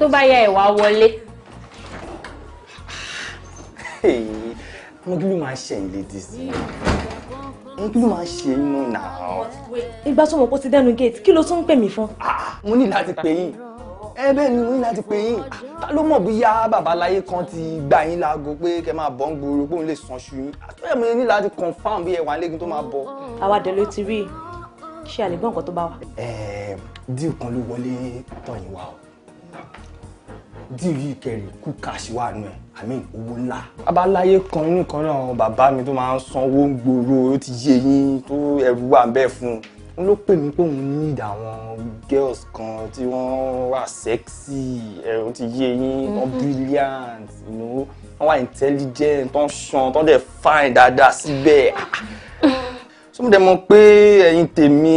tó bá yá ẹ̀ wá wọlé. mo kí ló máa ṣe ìlè dì sí mo kí ló máa ṣe inú náà. ìgbà tó mọ̀ pé ó ti dẹ́nu gate kí ló tún ń pè mí fún. Ah, mo ní láti pè yín ẹ ni mo ní láti pè yín ta ló mọ̀ bóyá babaláyé kan ti gbà yín láago pé kẹ́ máa bọ́ ń gbòòrò pé òun lè san ṣu yín àtúnyẹ̀ mo ní láti confam bí ẹ̀wà lẹ́gùn tó máa bọ̀. àwa dẹ̀ ló ti rí i ṣé a lè tó bá wà. ẹ̀ẹ́ díù kan ló wọlé tọ̀yìn wa o dìrì ìkẹrì kú kàṣí wà nù ẹ̀ àmì owó ńlá. abáláyé kan inú kan náà bàbá mi tó máa ń sanwó ń gbòòrò ó ti yé yín tó ẹrù wà bẹ́ẹ̀ fún un n ló pè mí pé òun need àwọn girls kan tí wọ́n wà sexy ẹ̀rọ ti yé yín wọ́n mm-hmm. brilliant you know wọ́n wà intelligent wọ́n ṣan wọ́n dẹ̀ fine dáadáa síbẹ̀ so mo dẹ̀ mọ̀ pé ẹ̀yin tèmi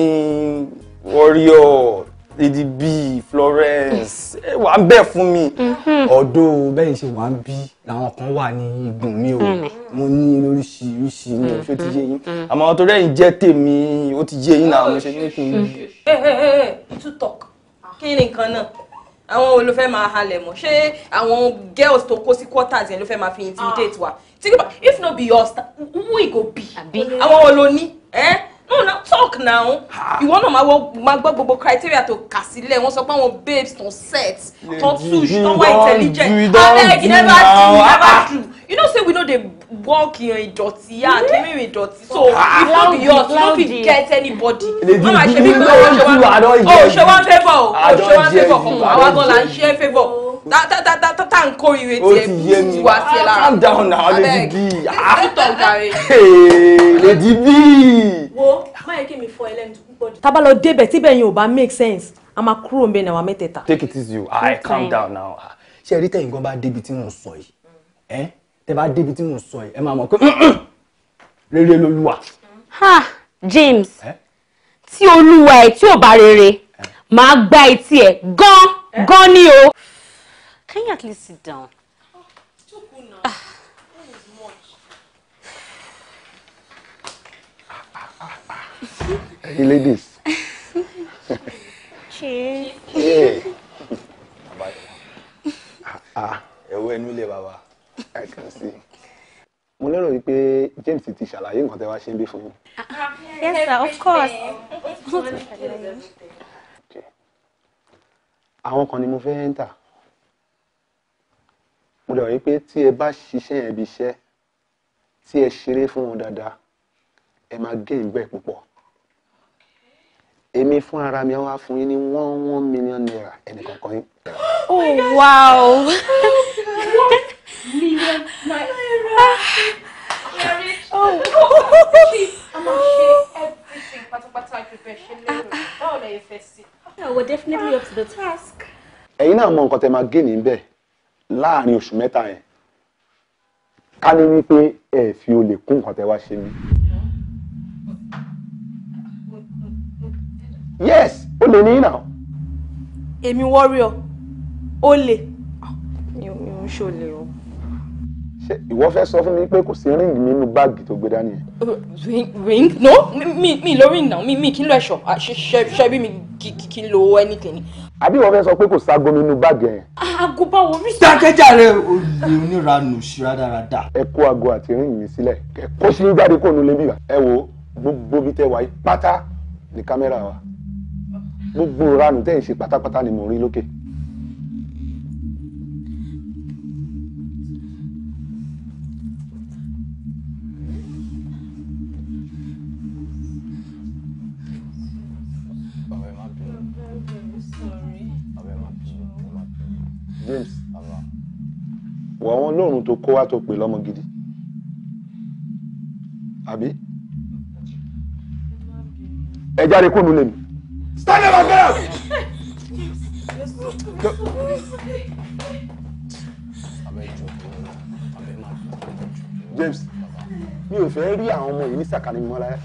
warrior lady b florence ẹ wà á bẹ̀ fún mi mhm. ọ̀dọ̀ bẹ́yìn ṣe wà á bí làwọn kan wà ní igun mi o mm-hmm. mo ní lóríṣiríṣi ní oṣù tí yé yín mm-hmm. àmọ́ àwọn tó rẹ́yìn jẹ́ tèmi ó ti yé yín náà mo ṣe ní kí n. ẹ ẹ ẹ tú tọk kí ni nǹkan náà àwọn wo máa halẹ̀ mọ́ ṣé àwọn girls tó kó sí quarters yẹn ló fẹ́ máa fi intimidate wa think about if no be us who e go be àwọn wo ló ní. Eh? no now talk now You want to my work? My gbogbo criteria to kà sílẹ̀ wọ́n sọ pé babes tó set tó touche tó wá intelligent abeg you never do never ah. do you know say we no dey work yan ìdọ̀tí and ah, mm-hmm. kiri ìdọ̀tí so ah. if no yours you no fit get anybody mama ṣe bí pé owó ṣe wá o ṣe wá favour o ṣe wá favour fún wa oh, àwa gan la That, that, that, ta ta ta ta Oh, ta n kórìíre tiẹ̀ bí ti wá tiẹ̀ lára abeg ṣe tó ń darí. lady b wo má yẹ kí mi fọ ẹlẹ́nu púpọ̀ jù. tábà lọ débẹ̀ tíbẹ̀ ò bá make sense a máa kúrò nbẹ náà wà mẹ́tẹ̀ẹ̀ta. take it easy o i calm down now ṣé ẹ̀rí tẹ̀yìn gan bá débi tí mò ń sọ yìí mm. ẹ tẹ bá débi tí mò ń sọ yìí ẹ máa mọ̀ pé rere lolúwa. ha James tí olúwa ẹ tí ò bá rere màá gbá etí ẹ gan gan ni o. Can you at least sit down? Hey, ladies. Cheers. you Ah, ah. ẹ̀wọ́ ẹnu ilé bàbá. I can see. Mo lérò wípé James ti ṣàlàyé nǹkan tẹ́ wá ṣe ń bí fún mi. Yes sir, of course. Àwọn kan ni mo fẹ́ ẹ́ńtà. Mo lè rí pé tí ẹ bá ṣiṣẹ́ yẹn bí iṣẹ́, tí ẹ ṣeré fún wọn dáadáa, ẹ máa gé ìgbẹ́ púpọ̀ èmi fún ara mi wá fún yín ní one one million naira ẹnìkọ̀ọ̀kan yín. oh wow. million naira. oh. we're definitely up to the task. ẹ̀yin náà mọ nǹkan tẹ́ máa gé níbẹ̀ láàrin oṣù mẹ́ta yẹn ká ní wípé ẹ fi olè kún nǹkan tẹ́ wá ṣe mí. yes o lè ní ìnà. èmi wọ́rí ọ ó lè ah, mi ò ń ṣòlè o. ṣé ìwọ fẹ́ sọ fún mi pé kò sí ríǹgì nínú báàgì tó gbé dání yẹn. Uh, ring no mi mi lórí ìnà mi mi kí n lọ ẹ̀ṣọ́ ah, ṣẹ́bí mi kí n lo anything. àbí ìwọ fẹ́ sọ pé kò ságo nínú báàgì yẹn. aago ah, báwo rí. dákẹ́jàre olè oníranù ṣíradáradá. ẹ kó aago àti ríǹgì mi sílẹ̀ kó sí jáde kó nu lébi wa. ẹ wo gbogbo bí tẹ wà yìí pátá ní kámẹ́rà wa gbogbo ranù tẹ́ ń ṣe pátápátá ni mo rí lókè. James wọ àwọn lóòrùn tó kó wá tó pè lọ́mọ gidi àbí ẹ jáde kúrò nílé mi. Stand up and get up! James, mi ò fẹ́ rí àwọn ọmọ yìí ní sàkánì mọ́ láyé.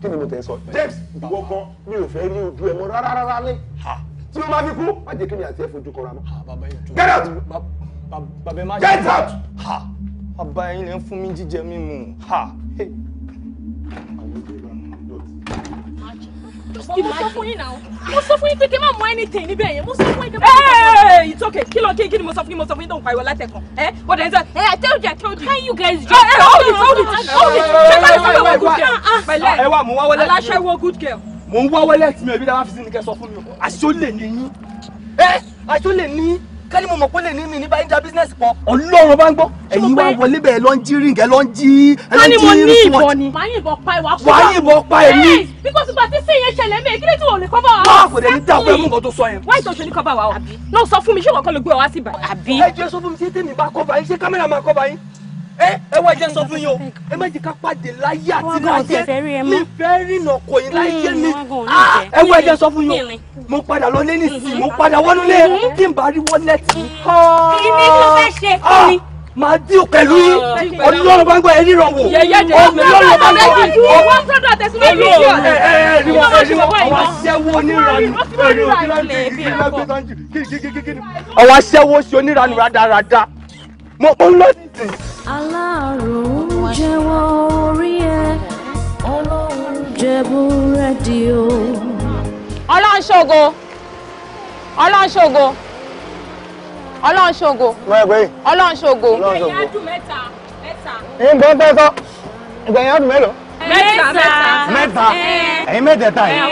Kí ni mo tẹ̀ James, ìwọ gan, mi ò fẹ́ rí ojú ẹ mọ́ rárá rárá lé. Tí o máa fi kú, má jẹ́ kí ni àti ẹ̀ fojú kọra mọ́. Get out! Get out! Bàbá yín lè ń fún mi Ha. mímu. still mo it's okay kí ló kí kí ni mo sọ fún yín mo sọ fún yín tó eh, eh, I told you I told you. can you guys eh, just. ẹ hold it hold it hold wá wọlé. aláṣẹ wo ẹbí dáhà fi sí ni kẹ sọ fún mi o àṣọ lè ní yín ẹ àṣọ lè ní kẹ́ni mo mọ̀ pé lè ní mi ní báyìí ja business pọ̀. ọlọ́run bá ń gbọ́ ẹ̀yin wá wọlé bẹ́ẹ̀ lọ́ ń jí ring ẹ̀ lọ́ ń jí ká ní mo ní ìbọn ni. màá yìnbọn pa ìwà fún wàá yìnbọn pa èmi. because ìgbà tí sèyí ṣẹlẹ̀ mí kí ló ti lè kọ́ wá ah, kò dé ní dá pé mú nǹkan sọ yẹn. wá ìtọ́jú ní kọ́ wa o. àbí. náà sọ fún mi ṣé ìwọ ẹ ẹ wá jẹ́ sọ fún yín o ẹ má jẹ́ ká pàdé láyé àti láyé mi fẹ́ rìnà kò yín láyé mi ẹ wá jẹ́ sọ fún yín o mo padà lọ lé nísìnyí mo padà wọnú lé kí n bá rí wọ́lẹ̀tì mi. kí ni kí ló fẹ́ ṣe fún mi máa dí o pẹ̀lú yín ọlọ́run bá ń gbọ́ ẹ níran wò ọlọ́run bá ń gbọ́ ẹ ní wọn ẹ ní wọn ọwọ́ aṣẹ́wó oníranu ẹ̀rọ kíláàgbé ọwọ́ aṣẹ́wó ṣe oníranu rádaràda mo ń lọ sí alárùn jẹ́wọ́ orí ẹ ọlọ́run jẹ búrẹ́dì o. ọlọ́run ṣògo ọlọ́run ṣògo ọlọ́run ṣògo ọlọ́run ṣògo ìgbẹ̀yìn adùn mẹ́ta mẹ́ta. ìgbẹ̀yìn tẹ́tọ́ ìgbẹ̀yìn adùn mélòó mẹ́ta mẹ́ta ẹ̀yin mẹ́tẹ̀ẹ̀ta yìí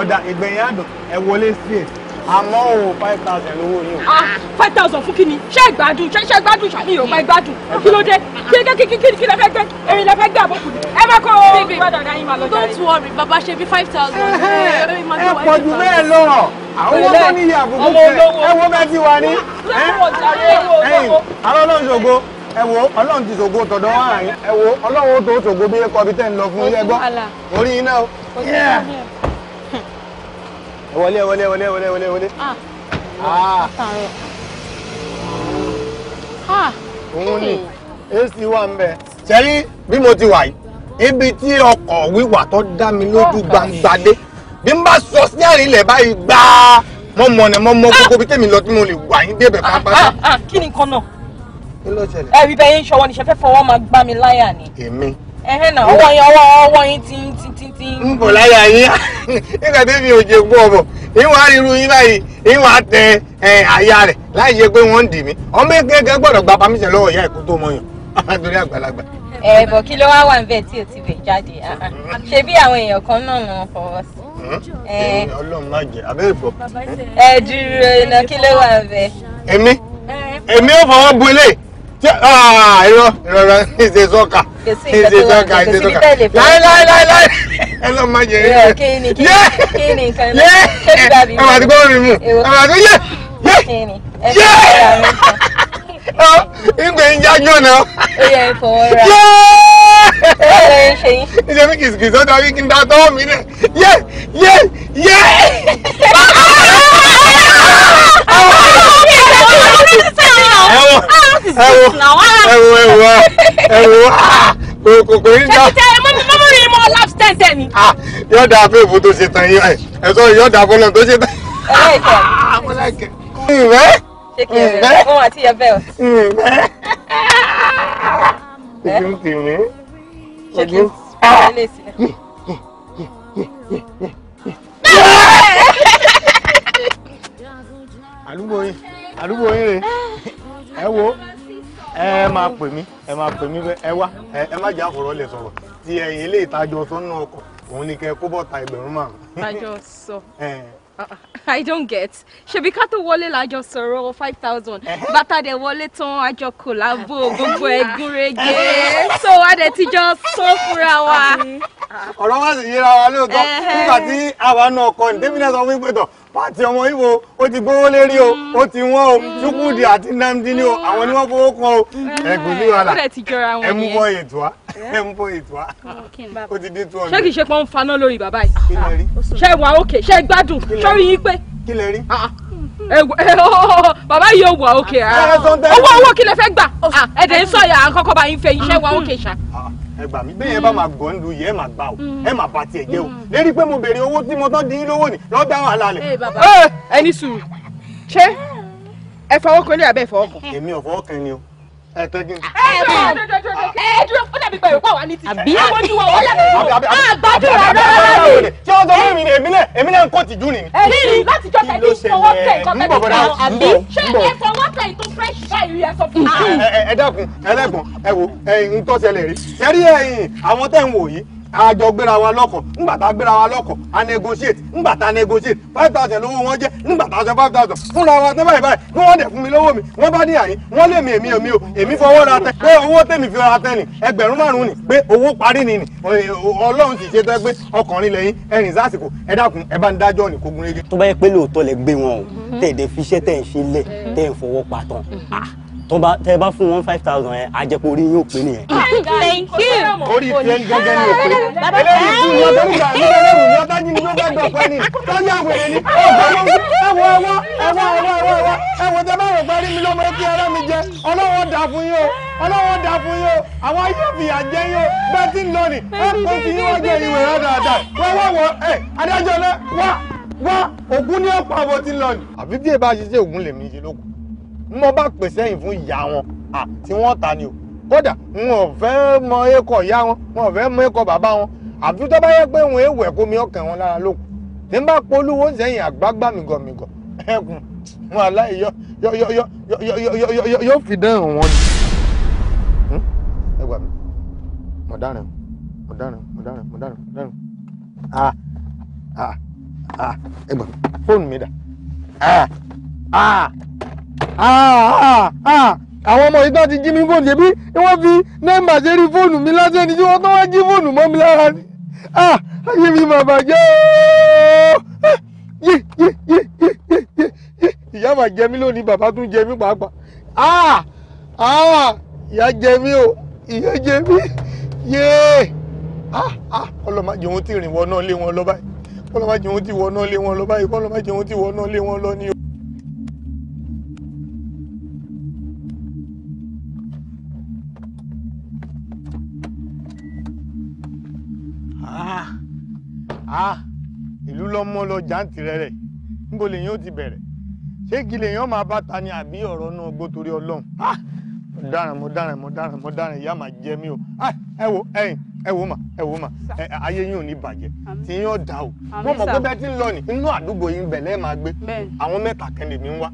ọ̀dà ìgbẹ̀yìn adùn ẹ wọlé sí ẹ̀ àmọ́ o five thousand lówó yìí o. Ah, five thousand fún kíni ṣé ìgbádùn ṣe ìgbádùn ṣàní ìrọ̀pá ìgbádùn kí ló dé kí ló dé kí kí kí lè fẹ́ gbé erin lè fẹ́ gbé àbọ̀kù ni. ẹ má kọ́ o don't worry baba ṣe bí five thousand. ẹ pọ̀ jù bẹ́ẹ̀ lọ àwọn owó tó níyì àbùkù tẹ ẹ wo bẹ́ẹ̀ ti wà ní. ẹ̀yin àwọn ọlọ́run ṣògo ẹ wo ọlọ́run ti ṣògo tọ̀dọ̀ wá àyìn ẹ wo ọlọ́run ó tó ṣògo bí ẹ kọ́ bí tẹ́ ń lọ fún yẹ gbọ́ orí iná o wọlé wọlé wọlé wọlé wọlé wọlé. Ah. Ah. Ah. òun ni ac wà ń bẹ sẹ́yìn bí mo ti wà yìí ibi tí ọkọ̀ wíwà tó dá mi lójú gbangba dé bí n bá sọ sí àárín ilẹ̀ báyìí gbáà mo mọ̀ ní mo mọ gbogbo bí tèmi lọ tí mo lè wà yín débẹ̀ pápá. kí ni nǹkan náà. kí ló ṣẹlẹ̀. ẹ̀rí bẹ́ẹ̀ ń ṣọwọ́ níṣẹ́ fẹ́ fọwọ́ máa gbá mi láyà ni. èmi ọwọ́ yẹn ọwọ́ ọwọ ọwọ tí ń tin tin tin. n bọ̀ láyà yín nígbà mi ò jẹ gbọ́ ọ̀bọ̀ ìwọ̀n ariru yín báyìí ìwọ̀n àtẹ àyà rẹ̀ láì pé wọ́n dì mí ọmọ gba ìyá tó mọyàn nítorí àgbàlagbà. kí ló wá wà ń tí o ti bẹ jáde ṣe bí àwọn èèyàn kan náà sí. Ah, irọ́ ìrọ̀rọ̀ ìṣe sọ́kà ìṣe sọ́kà ìṣe sọ́kà láíláíláíláí ẹ lọ́ máa jẹ ìrìn rẹ̀ kí ni kí ni nǹkan náà ṣé bí dàbí mi ọmọ àti gbọ́n rìn mu ọmọ àti yé yé yé ìgbẹ́ ń jájọ́ náà ó yẹ ìfọwọ́ra yé ẹ ṣe yín ṣe mí kìsìkìsì sọ́dọ̀ wí kí n dá tọ́wọ́ mi náà yé yé yé. Àwọn ọmọ mi ń sọ. Ah, ah yọ̀dà fèèfù tó ṣe tán yíyá ẹ̀ ẹ̀ sọ yọ̀dà fọlọ́ tó ṣe tán. ǹbẹ́ ǹbẹ́ òun àti yẹ̀bẹ́ o. ǹbẹ́ ojú ń tì mí ojú ń. àdúgbò yín àdúgbò yín rè é. ẹ wo ẹ máa pè mí ẹ máa pè mí ẹ wá. ẹ má jà fọ̀rọ̀ lè sọ̀rọ̀ ti ẹ̀yìn ilé ìtajọ sọ́nà ọkọ̀ òun ni kẹ́ kó bọ́ta ẹgbẹ̀rún márùn àjọ sọ. I don't get. Ṣebí ká tó wọlé lájọ sọ̀rọ̀ five thousand. Bàtà dẹ̀ wọlé tán àjọ kòlábò gbogbo ẹ̀gún rege. So wá dẹ̀ ti jọ sọ fúnra wa. Ọ̀rọ̀ wá sì yíra wa lóòótọ́. Nígbà tí àwa náà kọ́ ní Débìnrin sọ fún ìpẹ́tọ̀ pàtì ọmọ Ìgbò ó ti gbówó lérí o ó ti wọ́n o Chukwudi mm. àti Nnamdi ni o àwọn ni wọ́n fowó kan o mm. ẹ̀gùn sí wàhálà ẹ mú bọ́ ètò wa ẹ mú bọ́ ètò wa ó ti dé tó ọ̀nà. ṣé kìí ṣe pé wọ́n ń faná lórí bàbá yìí ṣé wà òkè ṣé gbádùn sórí yín pé. kí lè rí. Ah, ah. Oh, oh, oh, bàbá yìí ò wà òkè ah. owó owó kí lè fẹ́ gbà ẹ̀dẹ̀ ń sọ̀yà àkọ́kọ́ bá yín fẹ́ iṣẹ́ wà òkè ṣá ẹ gbà mí bẹ́ẹ̀ bá máa gbọ́ ń lu yìí ẹ máa gbà o mm. ẹ máa bá tiẹ̀ jẹ́ o mm. lérí pé mo béèrè owó tí mo tán dín lówó ni lọ́ọ́ dá wàhálà lẹ̀. Eh, eh! ẹni sùn ṣé ẹ fọwọ́ kan ní abẹ́ ìfọwọ́ kan. èmi ò fọwọ́ kan ni o ẹ tẹ́gí. ẹ ẹ ẹ dúró ó dàbí pẹ̀lú pọ̀ wá ní ti. àbí àbójú wa wọ́n dàbí. a gbàdúrà rárá ni. ṣé wọ́n sọ fún mi ni èmi náà èmi náà ń kọ́ tìjú ni. èmi ni láti jọ tẹ̀lé fọwọ́ tẹ̀ ìkọ́tẹ́ mi kan àbí. ṣé ẹ fọwọ́ tẹ̀ ìtò fresh báyìí rí ẹsọ fún mi. ẹ dákun ẹlẹ́gbọ̀n ẹ wo ẹ̀yin ń tọ́sẹ̀lẹ̀ rí. ṣẹ́rí ẹ̀yin àwọn tẹ̀ ń wò yìí a jọ gbéra wa lọ́kàn ńgbà tá a gbéra wa lọ́kàn a negotiate ńgbà tá negotiate five thousand lówó wọn jẹ́ ńgbà sọ five thousand fúnra wa tẹ́ báyìí báyìí bí wọ́n fún mi lọ́wọ́ mi wọ́n bá ní àyín wọ́n lé mi èmi èmi o èmi fọwọ́ ra tẹ pé owó tèmi fi ra tẹ nì ẹgbẹ̀rún márùn-ún pé owó parí nì nì ọlọ́run sì ṣe tẹ́ pé ọkùnrin lẹ́yìn ẹ̀rìn sásìkò ẹ dákun ẹ bá ń dájọ́ ní kógun rege. tó bá yẹ pé lóòótọ́ lẹ gbé wọn o mhm. tẹ̀ tó bá tẹ bá fún wọn five thousand yẹn àjẹpọ̀ orí yóò pé nìyẹn. thank you. orí tiẹ̀ ń gẹ́gẹ́ ní òpin eléyìí tún ní ọdún nígbà ní ẹlẹ́rù ní ọdún ní ló bá dọ̀pẹ́ ni tọ́jú àwẹ̀rẹ̀ ni ẹ̀wọ̀ ẹ̀wọ̀ ẹ̀wọ̀ ẹ̀wọ̀ ẹ̀wọ̀ ẹ̀wọ̀ tẹ bá rò parí mi lọ́mọ kí ẹ̀rọ mi jẹ ọlọ́wọ́ dà fún yín o ọlọ́wọ́ dà fún yín o àwọn yóò fìyà jẹ yín o bẹ́ẹ̀ tí ń lọ ni ẹ̀ kò fi yín wọ́n jẹ ìwé rẹ̀ dáadáa wọ́n wọ́n ẹ̀ adájọ́ náà wá wá ògún ní ọ̀pọ̀ àbọ̀ tí ń lọ ni. àbí bí ẹ ṣe ṣe ògún lèmi ṣe lókun mo bá pè sẹ́yìn fún ìyá wọn tí wọ́n ta ni o kódà wọn ò fẹ́ mọ ẹ̀kọ́ ìyá wọn wọn ò fẹ́ mọ ẹ̀kọ́ bàbá wọn àfi tó bá yẹ pé wọn èèwọ̀ ẹ̀kọ́ mi ọkàn wọn lára lókun tí n bá polówó sẹ́yìn àgbágbá mìgọ̀mìgọ̀ ẹkùn wọn aláì yọ yọ yọ yọ yọ yọ yọ yọ fi dẹ́rùn wọn ni. ẹ gbà mí mo dáràn mo dáràn mo dáràn mo dáràn mo dáràn ah ah ah ẹ gbà mí fóònù mi dà ah ah àwọn ọmọ yìí tán ti jí mi fóònù yẹbí ni wọ́n fi nẹ́ẹ̀mà ṣe rí fóònù mi lásán ni tí wọ́n tán wá jí fóònù mọ́ mi lára ni ayé mi mà bàjẹ́ ooo ìyá mà jẹ mí lónìí bàbá tún jẹ mí pàápàá ìyá jẹ mí o ìyá jẹ mí ah ọlọ́mọ jẹun ti rìn wọ náà lé wọn lọ báyìí kọ́lọ́ má jẹun ti wọ náà lé wọn lọ báyìí kọ́lọ́ má jẹun ti wọ náà lé wọn lọ ní o. Ah, ìlú lọ́mọ lọ jàǹtì rẹ̀ rẹ̀ níbo lèyàn ti bẹ̀rẹ̀ ṣé kí lèyàn máa bá ta ni àbí ọrọ náà gbó torí ọlọ́run ah, mo dáràn mo dáràn mo dáràn mo dáràn ìyá màá jẹ mí o ah, ẹ wo ẹyìn ẹ wo mà ẹ wo mà ayé yín ò ní tí yín o pé ti ń lọ inú àdúgbò yín gbé àwọn mẹta ń wá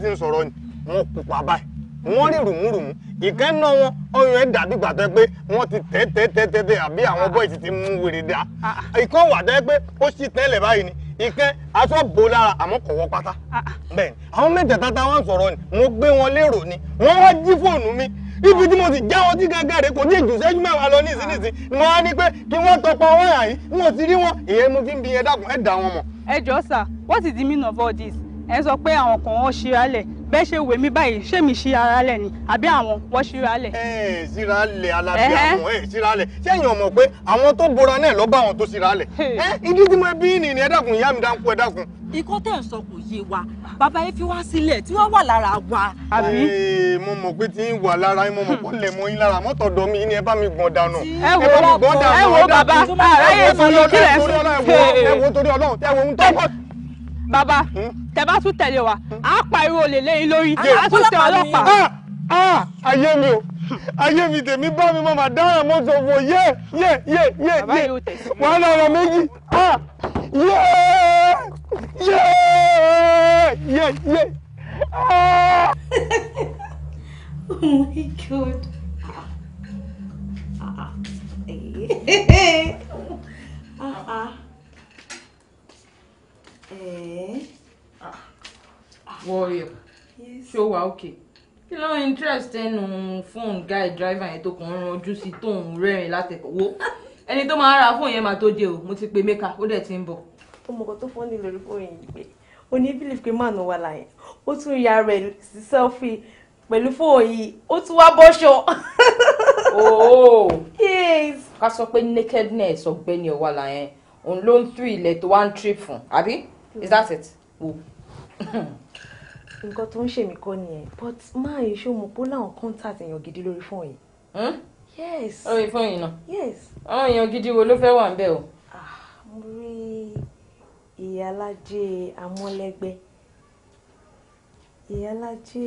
ti ń ni wọ́n rí rùmúrùmú ìkànnà wọn ọyàn ẹ̀ dàbí gbàtọ́ pé wọ́n ti tẹ́ tẹ́ tẹ́ tẹ́ tẹ́ àbí àwọn bọ́ìsì ti mú wèrè dá ah. ìkan wà tẹ́ pé ó sì tẹ́lẹ̀ báyìí ni ìkan aṣọ bò lára àmọ́ kò wọ́ pátá ah. bẹ́ẹ̀ ni àwọn mẹ́tẹ̀ẹ̀ta tá wọ́n sọ̀rọ̀ ni mo gbé wọn lérò ni wọ́n wá jí fóònù mi ibi tí mo sì já wọn tí gángan rẹ kò ní ìjùsẹ́jú mẹ́wàá lọ nísinsìnyí ni mo wá ní pé kí wọ́n tọpa wáyà yìí mo ti rí wọn ìyẹn mo fi ń bi ẹ dákun ẹ dà wọn mọ̀. ẹ jọ sà what is the meaning of all this ẹ sọ pé àwọn kan wọ́n ṣe alẹ̀ bẹ́ẹ̀ ṣe wèmí báyìí ṣé mi ṣe ara lẹ̀ ni àbí àwọn wọ́n ṣe ara lẹ̀. ẹ ṣíra lẹ̀ alábí àwọn ẹ ṣíra lẹ̀ ṣé èèyàn mọ̀ pé àwọn tó bora náà lọ́ bá àwọn tó ṣíra lẹ̀. ẹ ìdí tí mo bí nìyí ẹ dákun ìyá mi dákun ẹ dákun. ikọ́ tẹ̀ ń sọ kò yé wa bàbá yẹn fi wá sílẹ̀ tí wọ́n wà lára wa. àbí. ee mo mọ̀ pé tí ń wà lára mo mọ̀ pé lè mọ yín lára mọ́tò dọ̀ mi ni ẹ bá mi gbọ̀n dànù. ẹ wo ẹ wo bàbá àráyè ti kílẹ̀ ẹ wo torí Ọlọ́run ẹ wo ohun tó kọ́ Baba, hmm? Hmm? tẹ bá tún tẹ̀lé wa à hmm? á pa irú olè lẹ́yìn lórí à á tún tẹ ọlọ́pàá. Ah, ah, ayé mi o ayé mi tèmi bá mi máa dára mo sọ fún yé yé yé yé yé wàhálà ọ̀rọ̀ méjì ah, yé yé yé yé. Oh my God. Ah, ah, eh. ah, ah wọ́ọ̀rì ẹ̀ ṣó wà ókè kí ló ń interest ẹnu fóònù guy driver yẹn tó kàn ń ranjú sí tóun rẹ́rìn látẹ̀kọ̀ wo ẹni tó máa ń ra fóònù yẹn máa tó dé o mo ti pe mẹ́ka ó dẹ̀ ti ń bọ̀. ọmọ kan tó fọ́n ní lórí fóònù yìí pé o ní bílíf pé máà ló wà láyé ó tún ya rẹ̀ sí sẹ́ọ̀fì pẹ̀lú fóònù yìí ó tún wá bọ́ṣọ. ooo oh. yes. ká sọ pé nakedness ọ̀gbẹ́ni ọ̀wàlà yẹn òun ló ń tú ilẹ̀ tó wá ń trip fún àbí is that it wò. nǹkan tó ń ṣe mí kọ́ nìyẹn but máa yìí ṣó mo kó láwọn contact èèyàn gidi lórí fóònù yìí. Hmm? yes. lórí fóònù yìí náà. yes. àwọn èèyàn gidi wo ló fẹ́ wà ń bẹ̀ o. Ah, mo rí ìyálàjẹ amọ́lẹ́gbẹ́ ìyálàjẹ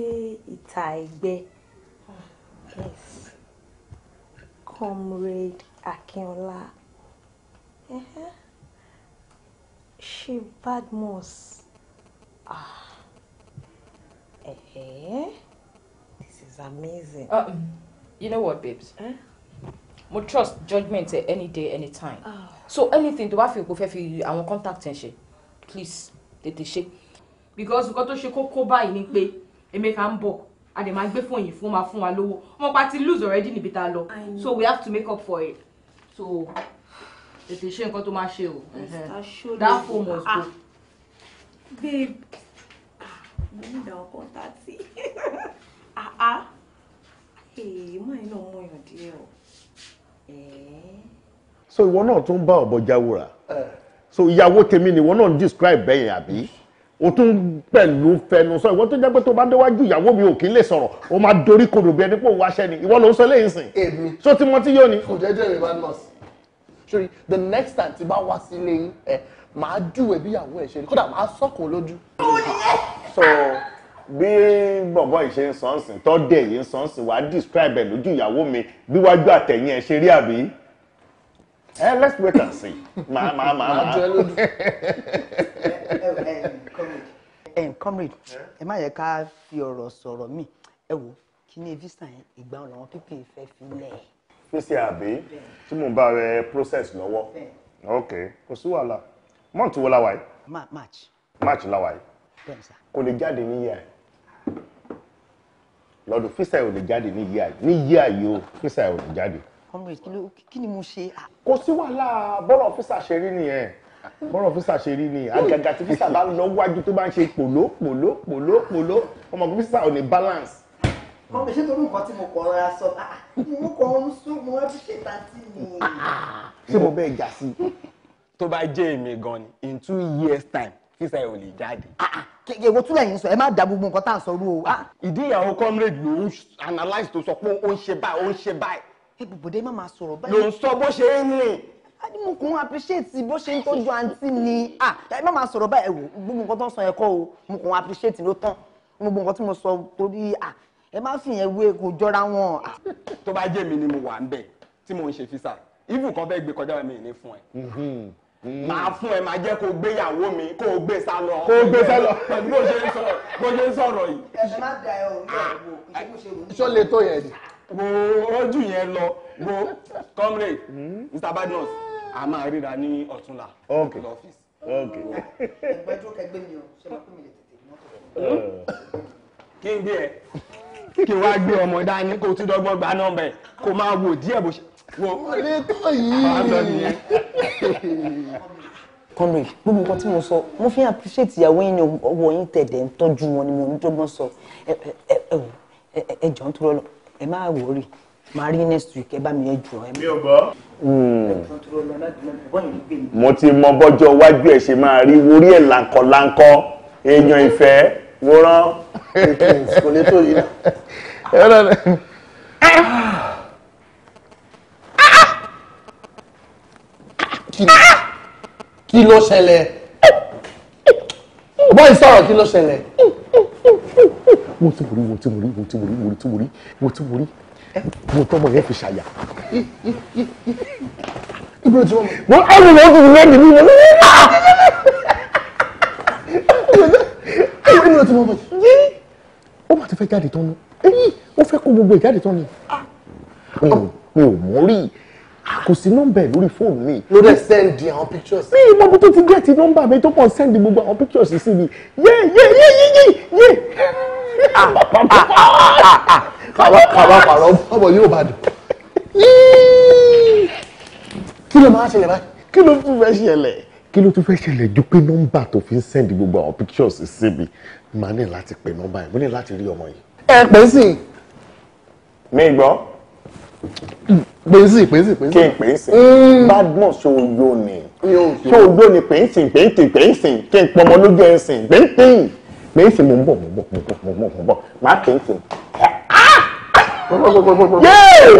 ìta ẹgbẹ́ yes comrade akínọlá. Uh-huh. Chief Badmus ah eh this is amazing. Uh, mm. you know what babes Huh? Eh? mo trust judgment eh, any day anytime oh. Ah. so anything tó bá fi kó fẹ́ fi àwọn contact ẹ̀ ṣe please tètè ṣe because nǹkan tó ṣe kókó báyìí ni pé Emeka ń bọ̀ a dẹ̀ máa gbé fún yìí fún máa fún wa lówó ọmọ pa ti lose already níbi tá a so we have to make up for it so tètè ṣe nǹkan tó máa ṣe o that phone must babe ah, mo ní ìdáwọ́ kọ́ńtàtì èèmọ̀ yìí náà mọ̀ yàn díẹ̀ o. so ìwọ náà tún bá ọ̀bọ jáwòrà so ìyàwó tèmi ni ìwọ náà ń describe bẹ́yìn àbí o tún pẹ̀lú fẹnu sọ ìwọ tó jẹ́ pé tó bá déwájú ìyàwó mi ò kí n lè sọ̀rọ̀ o máa dorí kodò bí ẹni pé òun wáṣẹ́ ni ìwọ ló ń sọ eléyìí sìn. èmi. so tí mo ti yóò ni. kò jẹ́jẹ́ rẹ̀ bá nọ́ọ̀sì sórí the next time tí bá wá sílé yín ẹ màá dùwẹ̀ bí ìyàwó ẹ̀ ṣe rí kódà màá sọ̀kò lójú. so bí bọ̀bọ̀ yìí ṣe ń sọ ǹsìn tọ́dẹ̀ yìí ń sọ ǹsìn wàá describe ẹ̀ lójú ìyàwó mi bí wájú àtẹ̀yìn ẹ̀ ṣe rí àbí. ẹ let's wait and see. màá màá màá màá. comrade ẹ má yẹ ká fi ọ̀rọ̀ sọ̀rọ̀ mi ẹ wo kí ni visa yẹn ìgbà ọ̀nà àwọn pípé ìfẹ́ fi lẹ̀ ẹ́ pèsè àbí tí mò ń bá rẹ process lọ́wọ́ ok kò sí wàhálà mọ́ọ̀tì wo la wà yìí. march. march la wà yìí kò lè jáde ní yíyá yìí lọ́dún físà ò lè jáde ní yíyá yìí ní o físà ò lè jáde. comrade kí ló kí ni mo ṣe. kò sí wàhálà bọ́lọ̀ físà ṣe rí nìyẹn bọ́lọ̀ físà ṣe rí nìyẹn àgàgà tí físà bá ń lọ wájú tó bá ń ṣe pòló pòló pòló pòló ọmọ físà ò balance wọ́n mi ṣe torí nǹkan tí mo kọ̀ ọ́ra sọ ah, mo kọ̀ ọ́n sún mo wá fi ṣe tàǹtí mi. ṣé mo bẹ́ẹ̀ jà sí i tó bá jẹ́ èmi gan ni in two years time fífẹ́ ò lè jáde. Ah, ah, kèké wo túlẹ̀ yín sọ ẹ má da gbogbo nǹkan tá à ń sọrú o. ìdí ìyàwó comrade ló ń analyse tó sọ pé ó ń ṣe báyìí ó ń ṣe báyìí. ẹ bòbòdé má máa sọ̀rọ̀ báyìí. ló ń sọ bó ṣe ń rìn mo kàn ń appreciate bó ṣe ń tọ́jú àǹtí ni ah ẹ má máa sọ̀rọ̀ báyìí ẹ wò gbogbo nǹkan tó ń sọ yẹn kọ́ o mo kàn ń appreciate ló tán gbogbo nǹkan tí mo sọ torí ah ẹ má fìyẹn wé kò jọra wọn. Ah, tó bá jẹ́ mi ni mo wà ń bẹ̀ tí mo ń ṣe fisa ibù kan fẹ́ gbé kọjá mi ní fún ẹ mm-hmm. Mm-hmm. máa fún ẹ máa jẹ́ kó gbéyàwó mi kó gbé sá lọ. kó gbé sá lọ. pẹ̀lú bó ṣe ń sọ̀rọ̀ bó ṣe ń sọ̀rọ̀ yìí. ẹ̀sìn má da ẹ̀ o ah, ìṣe kó ṣe wò. iṣọ́ le tó yẹn wo ojú yẹn lọ wo comrade mm-hmm. mr badmus a máa ríra ní ọ̀túnla lọ́fíìsì. ẹgbẹ́ tó kẹgbẹ́ mi o ṣe máa kú mi lè tètè mọ́tò. Eh. kí n gbé ẹ kí wàá gbé ọmọ dání kó o tún dọ́gbọ́n gba nọ́mbà ẹ̀ kó máa wò díẹ̀ bó ṣe wò. ọ̀rẹ́ tó yìí. gbogbo nǹkan tí mo sọ mo fi appreciate ìyàwó yín ni ọwọ́ yín tẹ̀dẹ̀ ń tọ́jú wọn ni mo ń dọ́gbọ́n sọ ẹ jọ ń tó lọ́lọ́ ẹ má wọrí màá rí next week ẹ bá mi ẹ jù ẹ. mi ò gbọ́. Hmm. mo ti mọ bọ́jọ́ iwájú ẹ̀ ṣe máa rí worí ẹ̀ láǹkọ̀láǹkọ̀ èèyàn ìfẹ́ wòran kò lè tó yìí náà. kí ló ṣẹlẹ̀ bọ́ọ̀lù sọ̀rọ̀ kí ló ṣẹlẹ̀. wo tí mo rí wo tí mo rí wo tí mo rí wo tí mo rí wo tí mo rí wo tọmọ yẹn fi ṣàyà. ibi ò tí wọ́n mọ̀. wọ́n á wò lọ́ọ́ fún mi lẹ́ẹ̀dì mi lọ́wọ́. ti mọ bọ̀ yìí ó mà ti fẹ́ jáde tán ni èyí ó fẹ́ kó gbogbo ìjáde tán ni. Ah! mi ò mi ò mọ̀ rí ah, kò sí nọ́mbà ẹ̀ lórí fóònù mi. ló dẹ̀ sẹ́ndì àwọn pictures. mi ìmọ̀ bó tó ti gẹ̀ẹ́tì nọ́mbà mi tó kàn sẹ́ndì gbogbo àwọn pictures sí mi yé yé yé yé yé yé. Ah, kàwá kàwá pàrọ̀ ọmọ yóò bá dùn. kí ló máa ṣẹlẹ̀ báyìí kí ló fún fẹ́ ṣẹlẹ̀ kí ló tún fẹ́ ṣẹlẹ̀ ju pé nọ́mbà tó fi ń sẹ́ndì gbogbo àwọn pictures síbi máa ní láti pè nọ́mbà yìí mo ní láti rí ọmọ yìí. ẹ pè sí. mi gbọ́. pè sí pè sí pè sí. kí n pè sí. Mm. badmus oyo ni ṣé oyo ni pè sí pè sí pè sí kí n pọmọ lójú ẹ sìn pè sí pè sí mo ń bọ̀ mo ń bọ̀ mo ń bọ̀ mo ń bọ̀ mo ń bọ̀ má pè sí.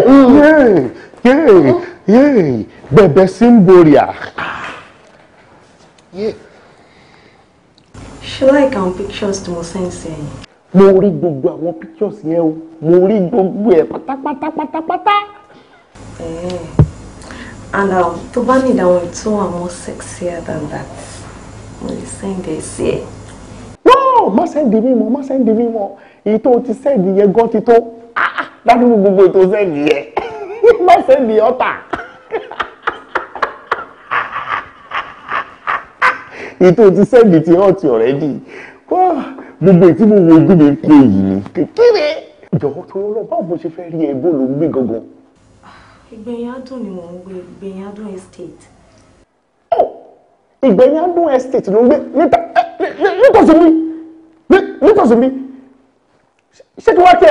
Mm. yéé yéé yéé bẹ̀bẹ̀ sí ń borí à. Yeah. Ṣé like àwọn pictures to mo send sí ẹ̀yìn? Mo rí gbogbo àwọn pictures yẹn o. Mo rí gbogbo ẹ̀ pátápátá Eh. And um, tó bá ní ìdáhùn tó are more sexier than that, mo lè send ẹ̀ sí ẹ̀. No! Má sẹ́ndì mi mọ́, má sẹ́ndì mi mọ́. Èyí tó ti sẹ́ndì yẹn gan ti tó. Dájú ah, ah, gbogbo ètò sẹ́ndì yẹn. Má sẹ́ndì other. ètò ti sẹ́ẹ̀dì ti hàn ti ọ̀rẹ́dì gbogbo ètí mo wo ojú mi ń pè yìí ni kékeré jọ̀wọ́ tó lọ báwo mo ṣe fẹ́ rí ẹgbẹ́ ló ń gbé gangan. ìgbẹ̀yìn adùn ni mò ń gbé ìgbẹ̀yìn adùn estate. Oh, ìgbẹ̀yìn adùn estate ló ń gbé níta eh, nítòsí mi nítòsí mi ṣé kí wọ́n kí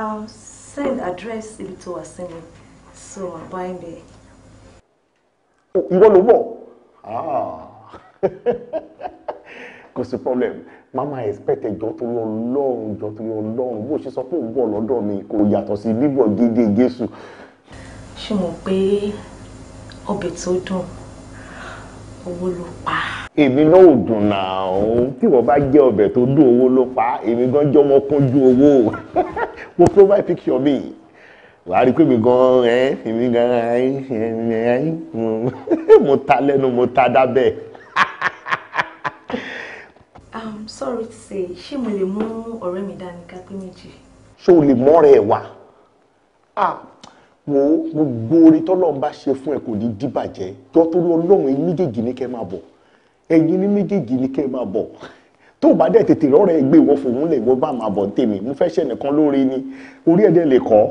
I'll send address ibi tó wà sí mi so I'm buying there. Oh, ìwọ ló mọ̀ ah kò sí problem mama expect ẹjọ́ torí ọlọ́run ẹjọ́ torí ọlọ́run bó ṣe sọ pé òun bọ̀ lọ́dọ̀ mi kò yàtọ̀ sí bíbọ̀ gidi Jésù. ṣé mo pé ọbẹ̀ tó dùn owó ló pa. èmi náà ò dùn náà òun tí wọ́n bá jẹ́ ọbẹ̀ tó dùn owó ló pa èmi gan jọ́ mọ́ kúnjú owó mo provide picture mi wà á rí pé mi gan ẹ èmi gan ẹ mo ta lẹ́nu mo ta dábẹ́. I'm sorry to say ṣé mo lè mú ọ̀rẹ́ mi dání ká pé méjì. ṣé o lè mọ́rẹ̀ ẹ̀ wá wo gbogbo orí tọ́lọ́run bá ṣe fún ẹ kò ní dìbàjẹ́ jọ torí ọlọ́run ẹ̀yin méjèèjì ní kẹ́ máa bọ̀ ẹ̀yin ní méjèèjì ní kẹ́ máa bọ̀ tó o bá dẹ̀ tètè rọ́rẹ̀ ẹ gbé ìwọ fòun lè wọ́n bá máa bọ̀ tèmi mo fẹ́ ṣẹ̀ nìkan lórí ni orí ẹ̀dẹ̀ lè kọ́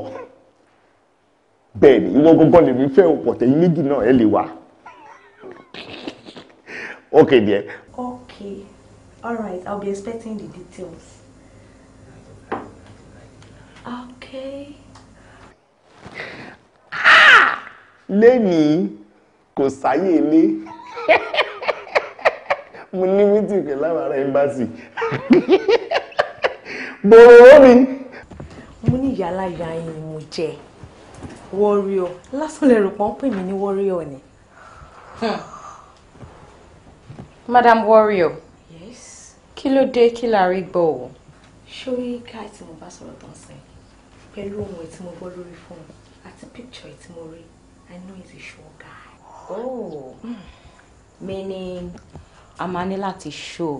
bẹ́ẹ̀ ni ìwọ gbọ́ngàn lèmi fẹ́ òpọ̀tẹ̀ yín méjì náà ẹ lè wá. okay dear. okay. All right, I'll be expecting the details. Okay. Ah! Lẹ́nìí kò sáyé ilé. Mo ní mítì pẹ̀lú àwọn ará ẹ̀mbásì. Bòròró mi. Mo ní ìyálà ìyá yín ni mo jẹ. warrior lásán lè rò pọ́n pè mí ní wọ́ríọ̀ ni. Madam warrior kí ló dé kí láàrí gbọ́ o. sórí káì tí mo bá sọ̀rọ̀ tán sí pẹ̀lú ohun ẹ̀ tí mo gbọ́ lórí fóònù àti picture ẹ̀ tí mo rí I know he's a sure guy. oh mm. meaning a máa ní láti show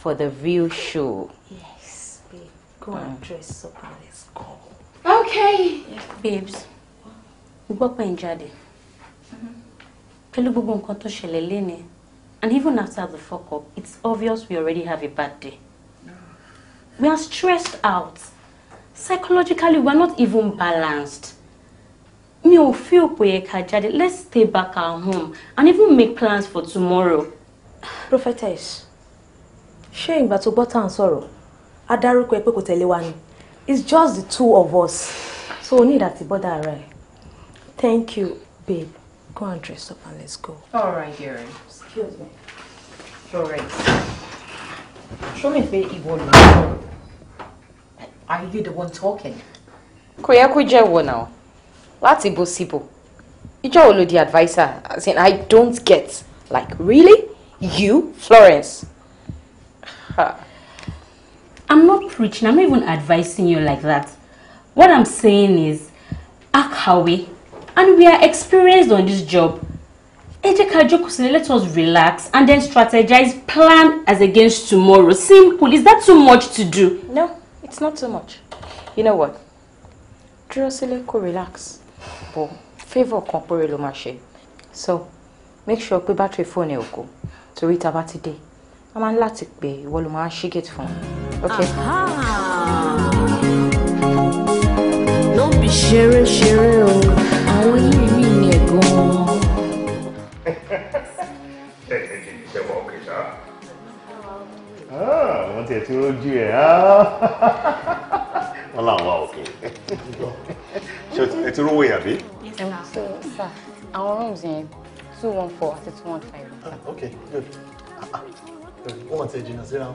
for the real show. yes babe go mm. and dress up and let's go. okay. Yeah. babes gbọ́ pé ń jáde mm-hmm. pẹ̀lú gbogbo nǹkan tó ṣẹlẹ̀ lénìí. And even after the fuck up, it's obvious we already have a bad day. We are stressed out. Psychologically, we're not even balanced. Mi ò feel pé ẹ ká Let's stay back at home and even make plans for tomorrow. Prophetess, shame but tó gbọ́ and sorrow. ń sọ̀rọ̀? It's just the two of us. So we need that bọ́dà ara ẹ̀. Thank you, babe. Go and dress up and let's go. All right, dearie. Excuse me. Florence. Show me pé you want Are you the one talking? Kuya, yẹ kó jẹ́ ìwọ náà. Láti bo síbò. Ìjọ́ wo I don't get. Like, really? You, Florence? I'm not preaching. I'm not even advising you like that. What I'm saying is, act how we, And we are experienced on this job. ẹ jẹ́ let us relax and then strategize plan as against tomorrow simple is that too much to do. no it's not too much you know what dúró sílẹ̀ kó relax But favor kan péré ló so make sure pé battery phone ẹ ò kó torí tá a bá ti dé a máa ń láti pè ìwọ ló máa ṣí gate fún un ok. ló ń bi ṣeré Ah, wọ́n tiẹ̀ tí ó rójú ẹ̀ ah. sir àwọn rooms yẹn ah, eh. two one four two one five. okay good wọ́n mọ̀ tí ẹ jìnnà síra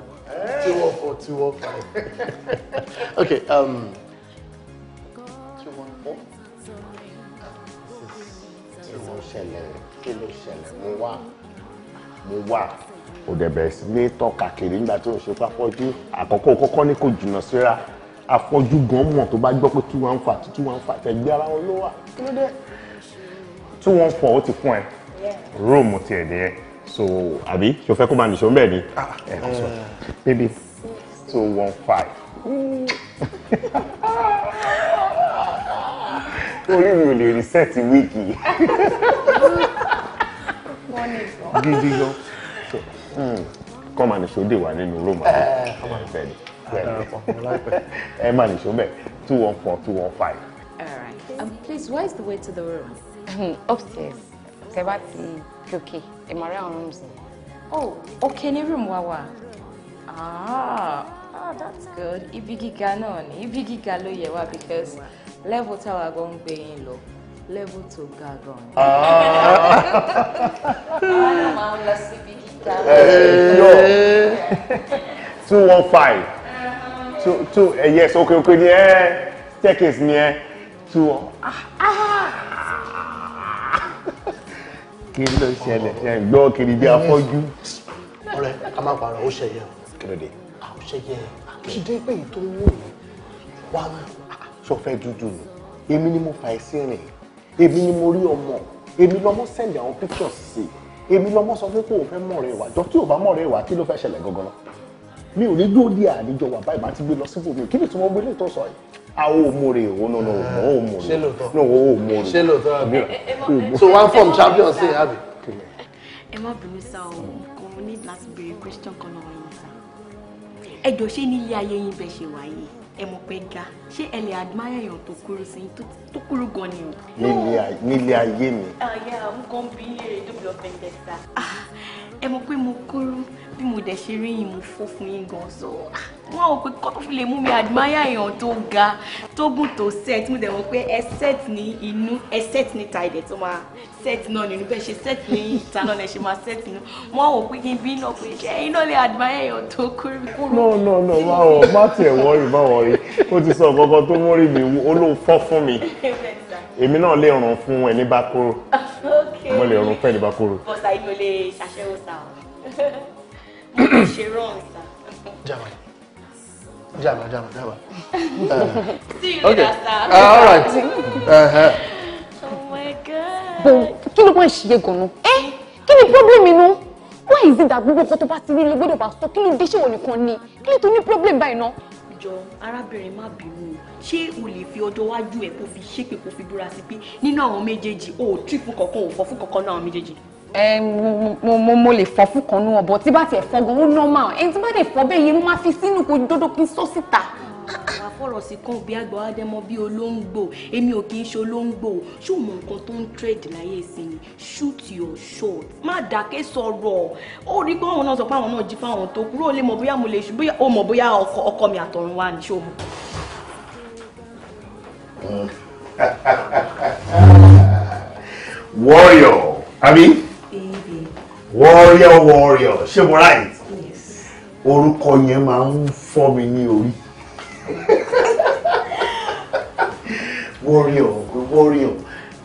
two one four two one five. okay um, two one four kí ló ṣẹlẹ̀ kí ló ṣẹlẹ̀ mo wá ó dẹ̀ bẹ̀rẹ̀ sí ní tọ́ kàkiri nígbà tí ó ṣe pápọ́jú àkọ́kọ́ kọ́kọ́ ní kò jìnnà síra afọ́jú gan mọ̀ tó bá gbọ́ pé two one five two one five ẹgbẹ́ ara wọn ló wà kí ló dé two one four ó ti fún ẹ róòmù tiẹ̀ nìyẹn so àbí ṣe o fẹ́ kó máa nìṣó bẹ́ẹ̀ ni ah, ẹ kò eh, sọ eh. baby two one five orí mi ò lè rí sẹ́ẹ̀tì wíìkì gidi gan kọ́ máa nìṣó dè wá nínú róòmù àwọn ẹ̀fẹ́ ni ẹ máa nìṣó bẹ̀ two one four two one five. all right um, please why is the way to the room. upstairs tẹ bá ti gòkè ẹ máa rí àwọn rooms yẹn. oh okay, ní room wa wà. Ah, ah that's good ibi gíga náà ni ibi gíga ló yẹ wá because level táwa gan ń gbé yín lọ level tó ga gan. Ah. máa ń lọ síbi two one five two two eh, yes okay okay yeah check staircase near eh. ẹ two ah, ah. kí ló ṣẹlẹ̀ ẹ gbọ́ kiri bí afọ́jú. ọ̀rẹ́ a máa pààrọ̀ ó ṣẹyẹ o. kí dé. a ó ṣẹyẹ kí ah, dé pé ètò owó yìí wà mí. sọ fẹ́ dúdú ni èmi ni mo fà ẹ́ sí rìn èmi ni mo rí ọmọ èmi lọ́mọ sẹ́ndì àwọn pictures sí i èmi lọmọ sọ pé kó o fẹ́ mọ̀ rẹ wà jọ tí o bá mọ̀ rẹ wà kí ló fẹ́ ṣẹlẹ̀ gangan lọ mi ò ní dúró di àníjọ wà báyìí máa ti gbé lọ síbò mi kí ni tí wọ́n gbé lè tó sọ yìí àwọn òmòrè òun náà náà òun òmòrè ṣé lóòótọ́ náà òun òmòrè ṣé lóòótọ́ àbí so one form champion sí àbí. ẹ má bínú sá o kò ní láti béèrè question kan lọ́wọ́ yín sá ẹ jọ ṣé ní ilé ayé yín bẹ́ẹ̀ ṣe wáyé ẹ mọ̀ pé ga ṣé ẹ lè admire èèyàn tó kúrú sí i tó kúrú gan ni o. nílé ayé mi. àyà nǹkan bí ilé rẹ̀ tó bí ọ̀fẹ́ ń tẹ̀ sá. ẹ mọ̀ pé mo kúrú bí mo dẹ̀ ṣe rí yín mo fó fún yín gan so ah, wọn ò pé kọ́ tó fi lè mú mi admire èèyàn tó ga tó gùn tó set mo dẹ̀ wọ́n pé ẹ set ní inú ẹ set níta ẹ̀dẹ̀ tó máa set náà nínú bẹ́ẹ̀ ṣe set ní ìta náà lẹ̀ ṣe máa set nínú wọn ò pé kí n bí náà pé ṣé ẹ̀yin lè admire èèyàn tó kúrú. no no no má wọ má tiẹ̀ wọrí má wọrí ó ti sọ kankan tó mórí mi ó ló fọ́ fún mi èmi náà lè rún fún ẹni bá kúrò mo lè rún fún ẹni bá kúrò. bọ́sà inú lè ṣe wrong jama jama jama jama. see you later ah, all right. Uh -huh. oh my god. bọ̀ kí ló máa ń ṣe gan-an. ẹ eh? kí ni problem inú why is it that gbogbo ọkọ tó bá ti rí ilé gbọ́dọ̀ bá sọ kí ló dé ṣé wọn nìkan ni kí ló tó ní problem báyìí náà jọ arábìnrin má bínú ṣé o lè fi ọjọ́ wájú ẹ̀ kó fi ṣépè kó fi búra sí pé nínú àwọn méjèèjì o ò tí fún kankan ò fọ́ fún kankan náà méjèèjì mo mo mo lè fọ fún kan nú ọbọ tí bá tiẹ̀ fọ gan ó normal ẹni tí bá dẹ̀ fọ bẹ́ẹ̀ yẹn mo máa fi sínú kó dọ́dọ́ kí n sọ síta àfọ̀rọ̀ sí kan bí àgbà wa bí olóńgbò èmi ò kì í ṣe olóńgbò ṣé o nǹkan tó ń trade láyé ìsinmi shoot your shot má dákẹ́ sọ̀rọ̀ ó rí pé àwọn náà sọ pé àwọn náà jí fáwọn tó kúrò lè mọ bóyá mo lè ṣe bóyá mọ bóyá ọkọ mi àtọ̀run wa ní ṣòwò. Hmm. warrior àbí. I mean, warrior warrior ṣé mo right orúkọ yẹn máa ń fọ́ mi ní orí warrior warrior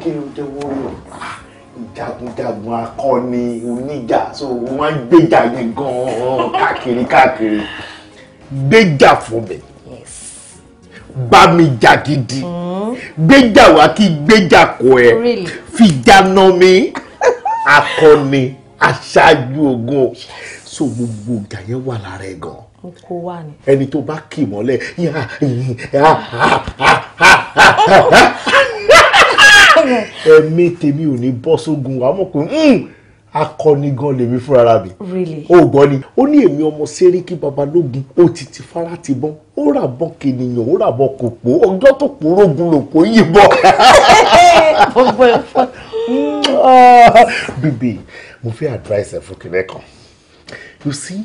kí ló dé warrior ah, jagunjagun akọni oníjà so wọ́n máa ń gbèjà yẹn gan-an káàkiri káàkiri gbèjà fún mi bá mi jà gidi mm-hmm. gbèjà wá kí gbèjà kọ ẹ fìjà nà mí akọni aṣáájú ogun o so gbogbo ìgbà yẹn wà lára ẹ gan kó wà ní. ẹni tó bá kì mọ́lẹ̀ yá yín ha ha ha ha ẹ̀mí tèmi ò ní bọ́ sógun wa mọ̀ pé akọni gan lèmi fúnra mi. o gbọ́ ni ó ní èmi ọmọ sẹ́ríkì babalógun ó ti ti fara ti bọ́n ó rà bọ́n kìnìyàn ó rà bọ́n kò pò ọjọ́ tó kù rógun lò kó yìnbọn. bíbí mo fẹ́ advice ẹ fún kìnìún kan you see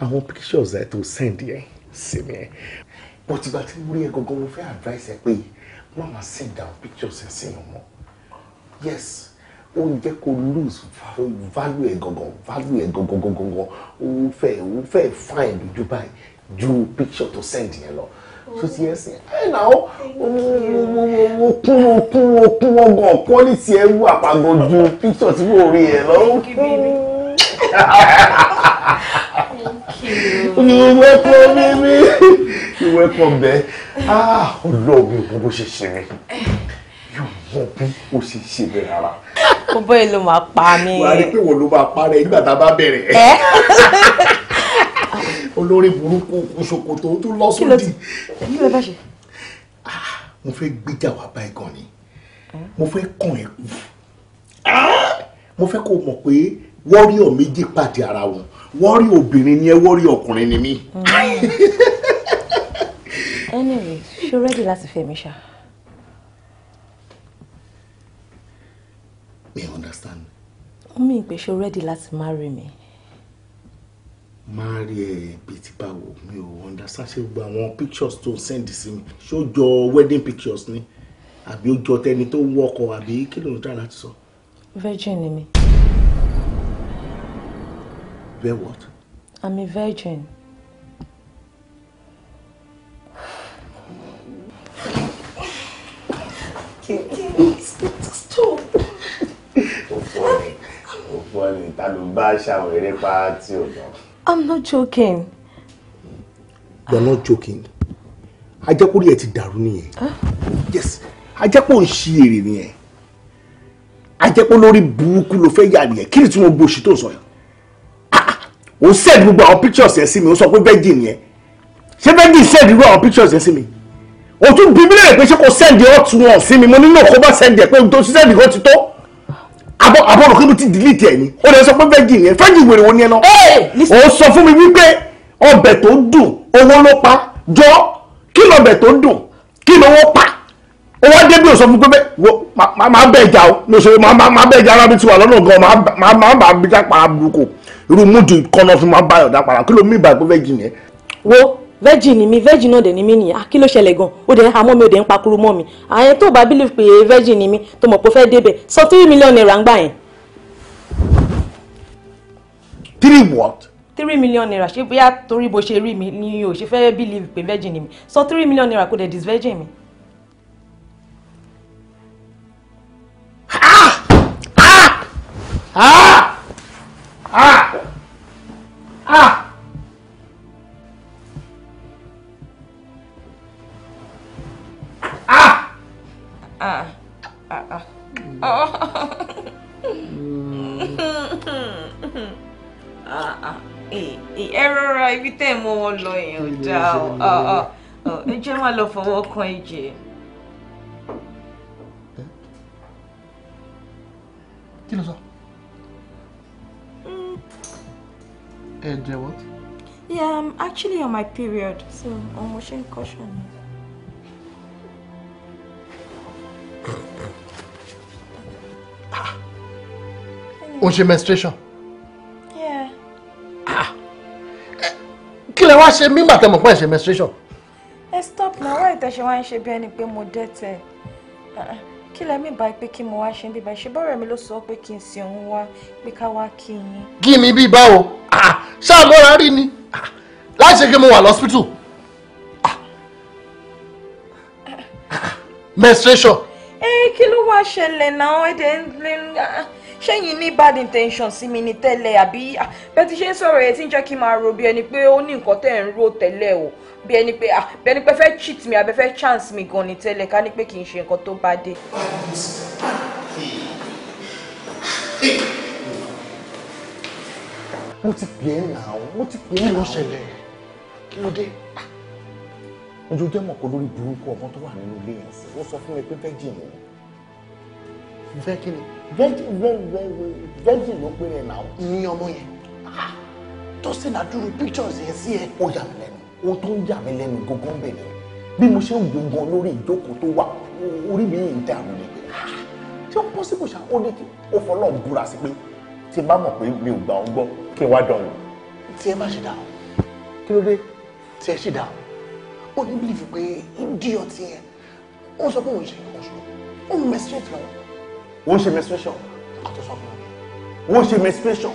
àwọn pictures ẹ tó send yẹn sí mi ẹ bó ti bá ti mú yẹn gangan mo fẹ́ advice ẹ pé wọ́n send down pictures ẹ sí yẹn mọ́ yes ó ń jẹ́ kó lose value ẹ̀ gangan value ẹ̀ gangan gangan ó fẹ́ ó fẹ́ find ojú báyìí ju picture tó send yẹn lọ tó ti ẹ sìn ẹ nà ó mo kún mo kún mo kún ọgàn quality ẹ mo rí ẹ lọ. you welcome baby you welcome bẹ́ẹ̀ ah ọlọ́ọ̀bì òkú bó ṣe ṣe mí yóò mọ bí ó ṣe ṣe mí rárá mo bóyá ló máa pa mí. wàá rí pé wọn ló máa parẹ́ nígbà tá a bá bẹ̀rẹ̀. olórí burúkú kú ṣòkòtò tó lọ sódì. kí ló bá ṣe. Ah, mo fẹ́ gbéjà wá báyìí gan ni mo fẹ́ kàn ẹ́ kú mo fẹ́ kó mọ̀ pé wọ́ríọ̀ méjì pàdé ara wọn wọ́rí obìnrin ni ẹ wọ́rí ọkùnrin ni mí. Mm. anyway ṣo rẹ́dí láti fẹ́ mi ṣá. mi understand. ó mì pé ṣo rẹ́dí láti marry mi máa rí ẹ bí ti bá wò mí ò understand ṣé gbogbo àwọn pictures tó send sí mi ṣé ó wedding pictures ni àbí ó jọ tẹni tó wọkọ àbí kí ló ń dá láti sọ. virgin ni mi. where what. i'm a virgin. stop. òfò ni ta ló bá ṣàwọn eré pa tí ò lọ. I'm not joking. You are not joking. Ajẹ́pọ̀rí ẹ̀ ti dàrú nìyẹn. Yes, ajẹ́pọ̀ ń ṣí èrè nìyẹn. Ajẹ́pọ̀ lórí burúkú ló fẹ́ yà nìyẹn. Kí ni tí wọ́n gbóṣì tó sọ yẹn? Ah, ah, ó send gbogbo àwọn pictures yẹn sí mi, ó sọ pé virgin yẹn. Ṣé virgin send gbogbo àwọn pictures yẹn sí mi? Ó tún bí mílíọ̀nù pé ṣé kò send hot one sí mi, mo nílò kó bá send ẹ̀ pé ohun tó send kó ti tó abọ́ abọ́ rò kébù ti delete ẹ̀ ni ó lè sọ pé fẹ́jì yẹn fẹ́jì wèrè wo ni ẹ lọ. ó sọ fún mi wípé ọbẹ̀ tó dùn owó ló pa jọ kí lọ́bẹ̀ tó dùn kí lówó pa ó wá débi ò sọ fún pé máa bẹ̀ jà o ní oṣù máa bẹ̀ jà arábí ti wà lọ́nà gan máa máa bá mi já para burúkú irú múdù kọ́nà fún máa bá yọ̀dá para kí ló mú ìbàgbọ́ fẹ́jì yẹn. wo virgin ni mi virgin náà dẹ̀ ni mí nìyẹn ah, kí ló ṣẹlẹ̀ gan ó dẹ̀ ń hamọ́ mi ó dẹ̀ ń pakuru mọ́ mi àyẹn tó bá bílíf pé virgin ni mi tó mọ̀ pé ó fẹ́ débẹ̀ sọ three million naira ń gbà yẹn. three what? three million naira ṣé bóyá torí bó ṣe rí mi ni o ṣe fẹ́ bílíf pé virgin ni mi sọ three million naira kó dẹ̀ dis virgin mi. ah ah ah ah ah. Ah. Ah. Ah. Ah. Oh. Hmm. Ah. ah. Ẹ rọra ibi tẹ́ ẹ mọ wọn lọ yẹn ò dáa o. Ah, ah. oh, ẹ jẹ́ má lọ fọwọ́ kan ìjẹ. Kí ló sọ? Hmm. Ẹ jẹ́ what? Yeah, I'm actually on my period, so ọmọ ṣe ń kọ́ṣọ́ ni. o ṣe menstruation. Ah. kí lẹ wá ṣe mímọ àtẹmọ fún ẹṣẹ menstruation. ẹ stop na wá ìtẹ̀sẹ̀ wá ń ṣe bí ẹni pé mo dẹ́tẹ̀ ah, kí lẹ mi bá pé kí mo wá ṣe ń bíbá ṣe bọ́ọ̀rẹ́ mi ló sọ pé kí n sin òun wá pé ká wá kí yín. kí mi bí báwo ah, ṣáà rí ni láì ṣe kí mo wà lọ́sítù menstruation. ẹ eh, kí ló wá ṣẹlẹ̀ náà ẹ̀ dẹ̀ ń lé ṣẹ́yìn ní bad intention sí mi ní tẹ́lẹ̀ àbí bẹ́ẹ̀ ti ṣe ń sọ̀rọ̀ yẹn tí ń jẹ́ kí n máa ro bí ẹni pé ó ní nǹkan tẹ́ ẹ̀ ń rò tẹ́lẹ̀ o bí ẹni pé bí ẹni pé fẹ́ cheat mi àbẹ́ fẹ́ chance mi gan ni tẹ́lẹ̀ ká ní pé kì í ṣe nǹkan tó bá dé. mo ti pè é nà ó mo ti pè é nà ó ṣẹlẹ̀ kí ló dé ojoojúmọ́ kò lórí burúkú ọmọ tó wà nínú ilé yẹn sí ó sọ fún mi pé fẹ́ jìn mo fẹ́ kí ni vẹ́jì vẹ́jì ló pé rẹ̀ náà ní ọmọ yẹn tó sì náà dúró pictures yẹn sí ẹ ó yà mí lẹ́nu ohun tó ń yà mí lẹ́nu gangan bẹ̀ ni bí mo ṣe ń gbọ̀ngàn lórí ìjókòó tó wà orí mi yìí ń dàrú ni tí ah! ó possible ṣá ó ní kí ó fọlọ́ búra sí pé tí n bá mọ̀ pé mi ò gbà ọ́ gbọ́ kí n wá dán wò tí ẹ má ṣe dà kí ló dé tí ẹ ṣe dà ó ní bílífù pé idiot yẹn ó sọ pé òun ṣe nǹkan ṣùgbọ́n ó mẹ́sírẹ́tì lọ́wọ́ wọ́n ṣe menstruation kàtó sọ fún mi wọ́n ṣe menstruation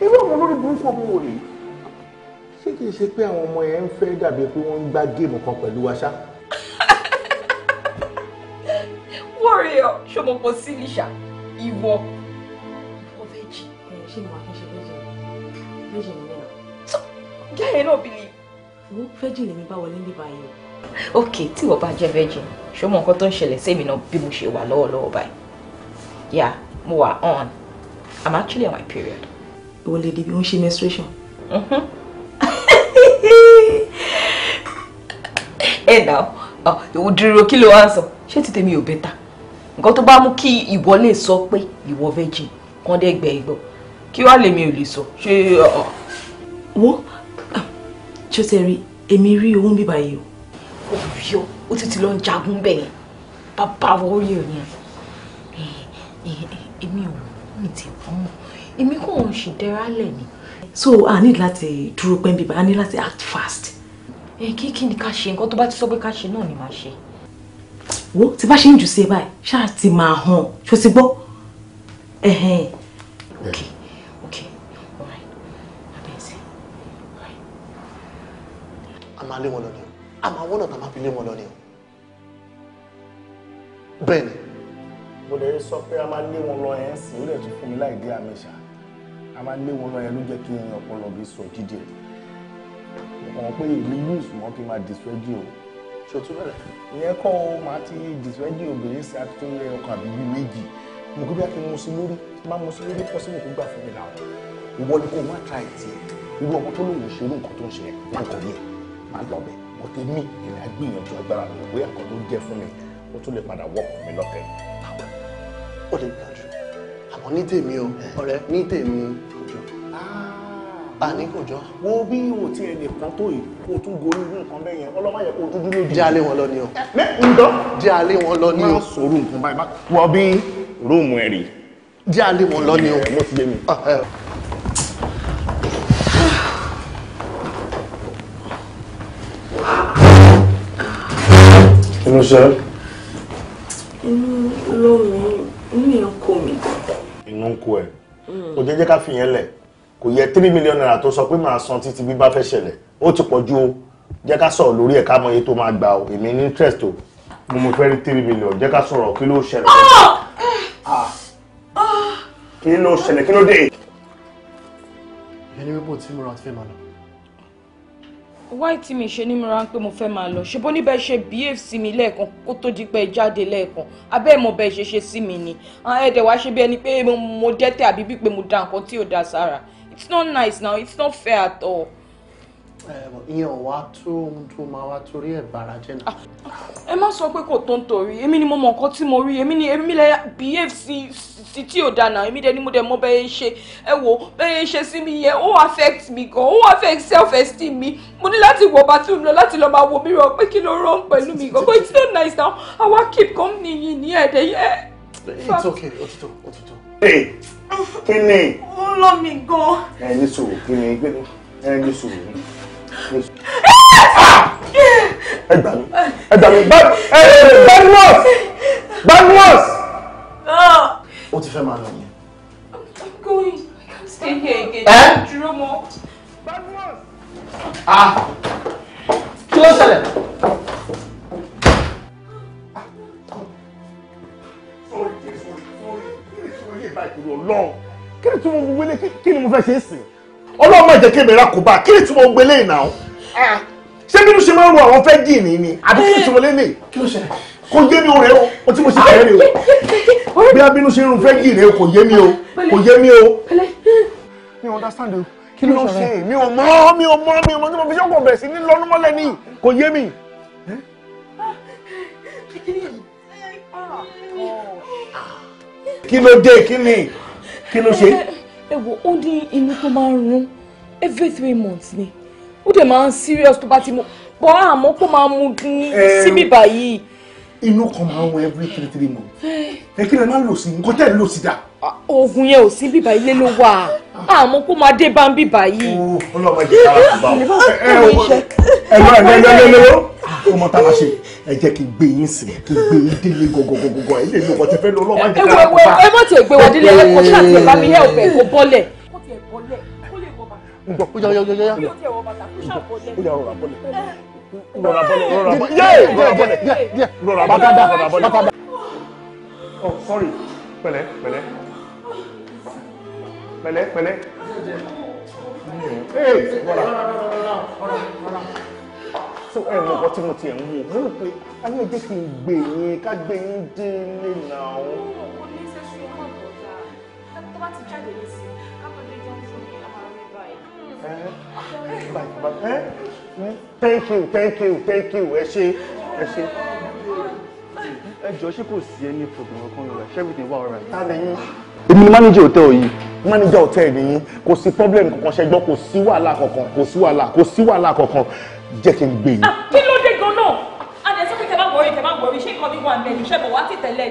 irú àwọn olórí burúkú ọmọ wò rèé ṣé kìí ṣe pé àwọn ọmọ yẹn ń fẹ́ dàbí pé wọ́n ń gbá géèmù kan pẹ̀lú wa ṣá. warrior ṣọmọpọ sí níṣà ìwọ ìwọ vẹ́jì ṣé mo àfihàn ṣe vẹ́jì vẹ́jì ni mẹ́ra. gẹ́gẹ́ náà bí ni. wo vẹ́jì lèmi bá wọlé ní báyìí ok tí wọ́n bá jẹ́ vẹ́jì ṣọmọ nǹkan tó ń ṣẹlẹ̀ sẹ́mi náà bí mo ṣe wà lọ́wọ́lọ́wọ́ báyìí yeah mo wà on i'm actually on my period. ìwọ lè di bí wọ́n menstruation. ẹ nà Hey now, oh, kí ló wá ń sọ ṣé ti tèmi ò bẹ́tà nǹkan tó bá mú kí ìwọ lè sọ pé ìwọ virgin kàn dé gbẹ ìgbọ kí wàá lèmi ò lè sọ ṣé. wọ́n ṣó ṣe rí èmi rí owó ń bíbá yìí o. òbí ọ ó ti ti jagun bẹ́ẹ̀ bàbá wọ́ọ́rì ò ní èmi ò ní ti ọmọ èmi kò ń ṣe dẹ́rálẹ̀ ni. so a ní láti dúró pẹ́ bíbá a ní láti act fast. ẹ kí kí ni ká ṣe nǹkan tó bá ti sọ pé ká ṣe náà ni màá ṣe. wo tí bá ṣe ń jù sí ẹ báyìí ṣáà ti máa hàn ṣó ti gbọ́. ok alright abẹ́sẹ̀ alright. a máa lé wọn lọ ni o a máa wọ́n náà mo lè sọ pé a máa lé wọn lọ ẹ̀ ń sìn ó fún mi láì dé àmì a máa lé wọn lọ ẹ̀ ló jẹ́ kí n ọpọlọ mi sọ dídì wọn pé èmi yóò sùn wọn kí n máa dìsúẹ́jì o ṣòtú bẹ̀rẹ̀ ìyẹn kọ́ o máa ti dìsúẹ́jì obìnrin sí akíntúndé ọkàn àbí bíi méjì mo kí bí a kì í sí lórí má mu sí lórí pọ́ sí mi fún mi náà ìwọ ni kò má tra ìtì ẹ̀ irú ọmọ tó lòun ṣe irú nǹkan tó ń ṣe má nǹkan yẹ má lọ bẹ̀ mo ti mí ìlà gbìyànjú agbára mi bóyá kan jẹ́ fún mi ó tún lè padà wọ́pọ̀ mi lọ́kẹ́ ó lè gbà àmọ́ ní tèmi o ọ̀rẹ́ ní tèmi kò jọ àní ah. kò jọ. wo bí ihò tí ẹnì kan tó yìí kó tún gorí irú nǹkan bẹ́ẹ̀ yẹn ọlọ́mọ yẹ kó tún dúró jù. jẹ́ alé wọn lọ ni o. ẹ ǹdọ́. jẹ́ alé wọn lọ ni o. máa sọ̀rọ̀ nǹkan báyìí wọ bí rúùmù ẹ̀ rí. jẹ́ alé wọn lọ ni o. mo ti yé mi. Ah, inú sẹ́. inú ló inú yẹn ń kó mi. inú ń kó ẹ kò jẹ́ jẹ́ ká fi yẹn lẹ̀ kò yẹ three million naira tó sọ pé màá san títí bí bá fẹ́ ṣẹlẹ̀ ó ti pọ̀ ju o jẹ́ ká sọ̀rọ̀ lórí ẹ̀ ká mọ iye tó máa gbà o èmi ní interest o mo mo fẹ́ rí three million jẹ́ ká sọ̀rọ̀ kí ló ṣẹlẹ̀ ah! Ah! kí ló ṣẹlẹ̀ kí ló dé. ẹni wípé tí mo ra ti fẹ́ máa lọ wáì tí mi ṣe ní mo ra mo fẹ́ máa lọ ṣe níbẹ̀ ṣe behave sí mi lẹ́ẹ̀kan kó tó di pé jáde lẹ́ẹ̀kan abẹ́ ẹ̀ mọ̀ ṣe ṣe sí mi ni ẹ̀ẹ́dẹ̀ wá ṣe bí ẹni pé mo dẹ́tẹ̀ àbí bí pé mo da nǹkan tí ò da sára it's not nice now it's not fair at all. Eh, ìyẹn wàá tó ohun tó máa wá torí ẹ̀ bàrà jẹ́ náà. Ah, ẹ má sọ pé kò tó ń torí èmi ni mo mọ nǹkan tí mo rí èmi ni èmi lẹ behave sí sí tí ò dáná èmi dẹ ni mo dẹ mọ bẹ́ẹ̀ ṣe ẹ wò bẹ́ẹ̀ ṣe sí mi yẹn ó affect mi gan ó affect self esteem mi mo ní láti wọ bathroom lọ láti lọ máa wo mi rọ pé kí ló rọ pẹ̀lú mi gan but it's not nice now àwa keep company yìí ní ẹ̀dẹ̀ yẹn. Eh, it's okay otito otito ee kí ni. ó ń lọ mi gan. ẹ ní sòrò kí ni gbé ẹ ní sòrò ní ẹ gbà mí ẹ gbà mí bani nurse bani nurse. ó ti fẹ́ máa lọ yẹn. I'm going. I can't stay here again. ẹ dúró ah kí ló ṣẹlẹ̀. sórí sórí sórí sórí báyìí kúrò lọ́hùn kí ni tí mo wọlé kí ni mo fẹ́ ṣe é sìn jẹ́ kí èmi rà kó bá kí ni tí mo gbé lẹ́yìn náà ah. ṣé bí mo ṣe máa ń wo àwọn fẹ́ dì ní ni àbí kí ni tí mo lé lè kò yé mi o rẹ o tí mo ṣe bẹ̀rẹ̀ rẹ o bí abínú ṣe ń rún fẹ́ dì rẹ o kò yé mi o kò yé mi o. mi ò understand o kí ló ṣe mi ò mọ̀ mi ò mọ̀ mi ò mọ̀ tí mo fi ṣọ́kọ̀ bẹ̀rẹ̀ sí ní lọ́nùmọ́lẹ̀ ni kò yé mi. kí ló dé kí ni kí ló ṣe. ẹ wo ó ní inú tó máa ń rún every three months ni ó dẹ̀ máa ń serious tó bá ti mú pọ̀ àmọ́ kó máa mú síbí báyìí. inú kan máa ń wọ every three three months ẹ kí lè má lò sí nǹkan tẹ́ ẹ lò sí dà. Ah, oògùn yẹn ò sí bíbá ilé ló wà àmọ́ kó máa dé bá ń bíbá yìí. ọlọ́mọ ẹ̀jẹ̀ kára bá wọn. ẹ ẹ ẹ ẹ ẹ ẹ ẹ ah, ọmọ tá a bá ṣe ẹ jẹ́ kí n gbé yín sí kí n gbé yín délé gọgọgọgọ ẹ lè lọ ọkọ tẹ fẹ lọ ọlọ́mọ ẹ̀jẹ̀ kára bá. ẹ wọ ẹ má tẹ gbé wọn délé ẹ kò ṣáà tẹ bá mi hẹ́ ọ̀fẹ́ kò bọ́lẹ̀ gbọ́ ó yá ó yá ó yá. rọra bọ́lẹ̀ rọra bọ́lẹ̀ rọra bọ́lẹ̀ rọra bọ́lẹ̀ rọra bọ́lẹ̀ rọra bọ́lẹ̀. oh sorry pẹ̀lẹ́ pẹ̀lẹ́ pẹ̀lẹ́ pẹ̀lẹ́. ee wọra so ẹ mọ ọkọ tí mo tiẹ̀ ń wò mo rò pé a ní ẹjẹ́ kí n gbé yín ká gbé yín délé náà. mo ní sẹ́sùn ọmọ àbọ̀dá tó bá ti jáde ní sí i thank you thank you thank you ẹ ṣé ẹ ṣé. ẹ jọ ṣé kò sí ẹni problem ọkàn rẹ ṣé everything wà ọ̀rẹ́. ta lẹ́yìn. èmi ni manager hotel yìí. manager hotel nìyí kò sí problem kankan ṣe gbọ́ kò sí wàhálà kankan kò sí wàhálà kò sí wàhálà kankan jẹ́ kí n gbé yìí. Ah, kí ló dé gan-an àdé sọ pé kẹ má wọrí kẹ má wọrí ṣé nǹkan mi wà nbẹ níṣẹ́ bọ̀ wá ti tẹ̀lé